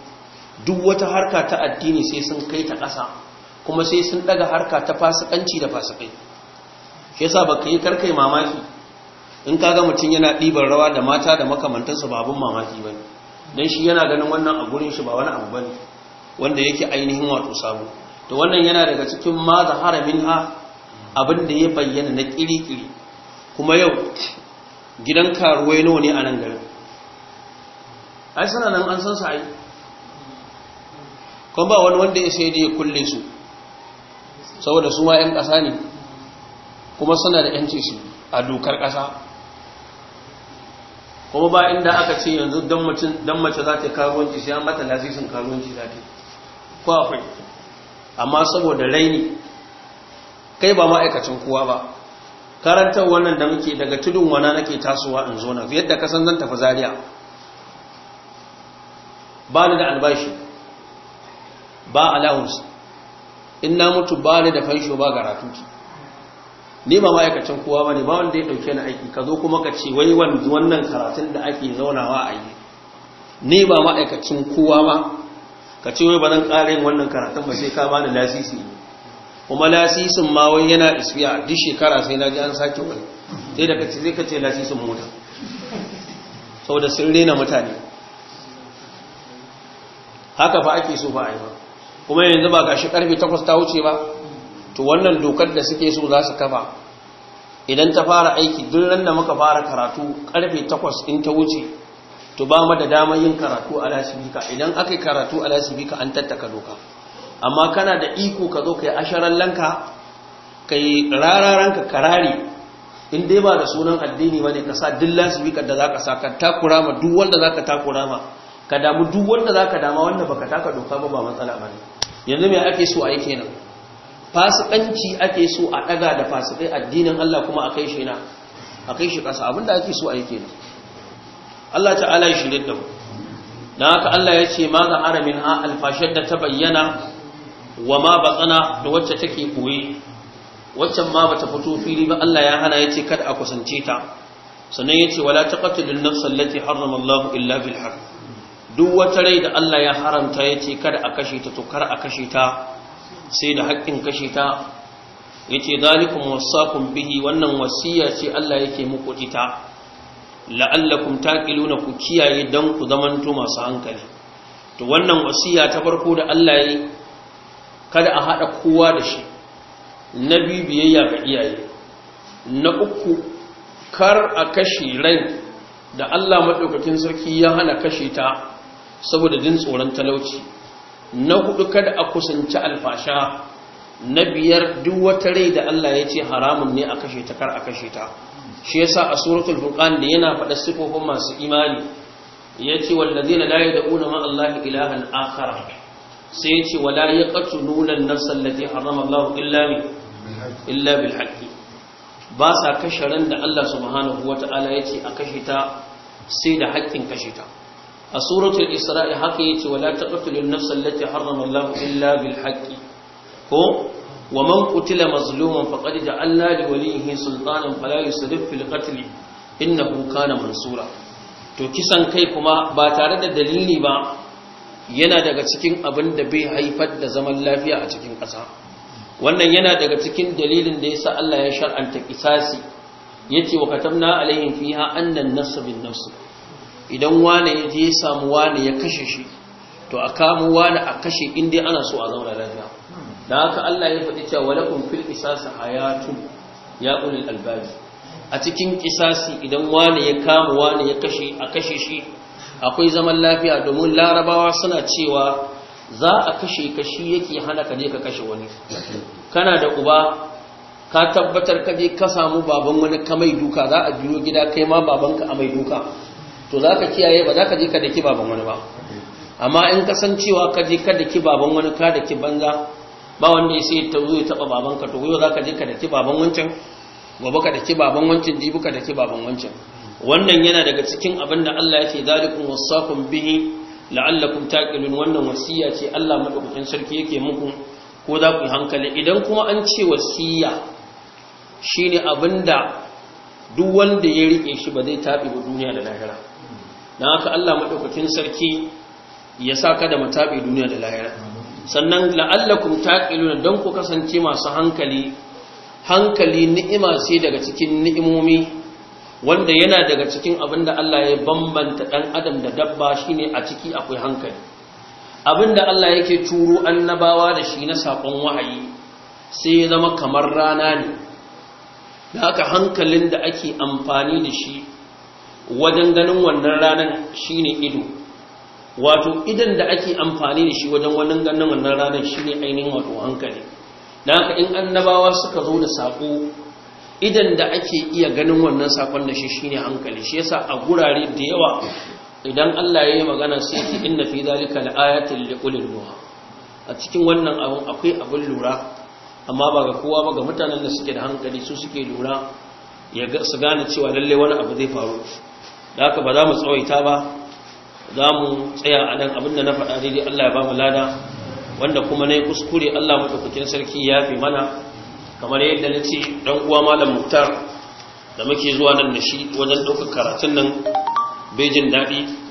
duk wata harka ta addini sai sun kai ta ƙasa kuma sai sun ɗaga harka ta fasikanci da fasikai shi yasa baka yi karkai mamaki in ka ga mutum yana ɗiban rawa da mata da makamantarsa ba mamaki ba ne don shi yana ganin wannan a gurin shi ba wani abu ba ne wanda yake ainihin wato sabo. to wannan yana daga cikin ma da haramin ha abin da ya bayyana na kirikiri kuma yau gidan karuwai nawa ne a nan garin ai sana nan an san su ai kuma ba wani wanda ya sai da ya kulle su saboda su ma 'yan ƙasa ne kuma suna da 'yanci su a dokar ƙasa kuma ba inda aka ce yanzu don mace za ta karuwanci sai an mata lasisin karuwanci za ta akwai amma saboda raini kai ba ma'aikacin kowa ba karantar wannan da muke daga tudun wana nake tasowa in zo na fiye da kasan zan tafi zariya ba ni da albashi ba allowance in na mutu ba ni da fansho ba ratunci ni ba ma'aikacin kowa ba ne ba wanda ya ɗauke ni aiki ka zo kuma ka ce wai wannan karatun da ake zaunawa a yi ni ba ma'aikacin kowa ba ka ce wai ba zan ƙara yin wannan karatun ba sai ka ba ni lasisi kuma lasisin ma wai yana isfiya duk shekara sai na ji an sake wani sai da kace zai kace lasisin mota saboda sun rena mutane haka fa ake so ba a yi ba kuma yanzu ba gashi karfe 8 ta wuce ba to wannan dokar da suke so za su kafa idan ta fara aiki duk ran da muka fara karatu karfe 8 in ta wuce to ba mu da damar yin karatu a lasibika idan aka yi karatu a lasibika an tattaka doka amma kana da iko ka zo kai asharan lanka kai rararan ka karari in dai ba da sunan addini bane ka sa duk lasibikar da zaka sa ka takura ma duk wanda zaka takura ma ka damu duk wanda zaka dama wanda baka taka doka ba ba matsala bane yanzu mai ake so a yi kenan fasikanci ake so a ɗaga da fasikai addinin Allah kuma a kai shi na a kai shi ƙasa abinda ake so a yi kenan Allah ta'ala ya shirya da ku. na haka Allah ya ce ma ga aramin ha alfashar da ta bayyana wa ma tsana da wacce take koye waccan ma bata fito fili ba Allah ya hana ya ce kada a kusance ta sannan ya ce wala taqatul nafs allati harrama Allah illa bil haqq duk wata rai da Allah ya haramta ya ce kada a kashe ta to kar a kashe ta sai da haƙƙin kashe ta ya ce zalikun bihi wannan wasiya ce Allah yake muku ita la'allakum taqiluna ku kiyaye dan ku zamanto masu hankali to wannan wasiya ta farko da Allah ya kada a haɗa kowa da shi na biyu biyayya ga iyaye na uku kar a kashe rai da Allah maɗaukakin sarki ya hana kashe ta saboda jin tsoron talauci na hudu kada a kusanci alfasha na biyar duk wata rai da Allah ya ce haramun ne a kashe ta kar a kashe ta shi yasa a suratul furqan da yana faɗa sifofin masu imani yace wallazina la yad'una ma Allah ilahan akhar sai yace wala yaqtuluna an-nafs allati harrama Allah illa bi illa bil haqqi ba sa kashe ran da Allah subhanahu wataala yace a kashe ta sai da haƙƙin kashe ta a suratul isra'i haka yace wala taqtulun nafsal lati harrama Allah illa bil haqqi ko wa man qutila mazluman faqad ja'alna li waliyhi sultanan fala yusrif fil qatl innahu kana mansura to kisan kai kuma ba tare da dalili ba yana daga cikin abin da bai haifar da zaman lafiya a cikin ƙasa wannan yana daga cikin dalilin da yasa Allah ya shar'anta kisasi yace wa katamna alaihim fiha annan nafs bin idan wane ya je samu wane ya kashe shi to a kamu wane a kashe inda ana so a zauna lafiya da haka Allah ya faɗi cewa walakum fil qisas hayatun ya ulil albab a cikin qisasi idan wane ya kamu wane ya kashe a kashe shi akwai zaman lafiya domin larabawa suna cewa za a kashe kashi yake hana ka je ka kashe wani kana da uba ka tabbatar ka je ka samu baban wani ka mai duka za a biyo gida kai ma babanka a mai duka to za ka kiyaye ba za ka je ka daki baban wani ba amma in kasancewa ka je ka daki baban wani ka daki banza ba wanda ya sai ta zuwa taba baban ka to yau za ka je ka daki baban wancan gobe ka daki baban wancan jibi ka daki baban wancan wannan yana daga cikin abin da Allah ya zalikum wasaqum bihi la'allakum taqilun wannan wasiya ce Allah madaukakin sarki yake muku ko za ku yi hankali idan kuma an ce wasiya shine abinda duk wanda ya rike shi ba zai tabi ba duniya da lahira don haka Allah maɗaukakin sarki ya sa ka da mataɓi duniya da lahira sannan la'allakum taqiluna don ku kasance masu hankali hankali ni'ima sai daga cikin ni'imomi wanda yana daga cikin abin da Allah ya bambanta ɗan adam da dabba shine a ciki akwai hankali abin da Allah yake turo annabawa da shi na saƙon wahayi sai ya zama kamar rana ne da haka hankalin da ake amfani da shi wajen ganin wannan ranar shine ido wato idan da ake amfani da shi wajen wannan ganin wannan ranar shine ainihin wato hankali na haka in annabawa suka zo da saƙo, idan da ake iya ganin wannan sakon da shi shine hankali shi yasa a gurare da yawa idan Allah ya yi magana sai ki inna fi zalika laayatin liqulil nuha a cikin wannan abun akwai abin lura amma ba ga kowa ba ga mutanen da suke da hankali su suke lura ya su gane cewa lalle wani abu zai faru da haka ba za mu tsawaita ba za mu tsaya a nan abinda na faɗa daidai Allah ya ba mu lada wanda kuma na yi kuskure Allah maɗaukakin sarki ya fi mana kamar yadda na ce ɗan uwa malam muktar da muke zuwa nan da shi wajen ɗaukar karatun nan bejin daɗi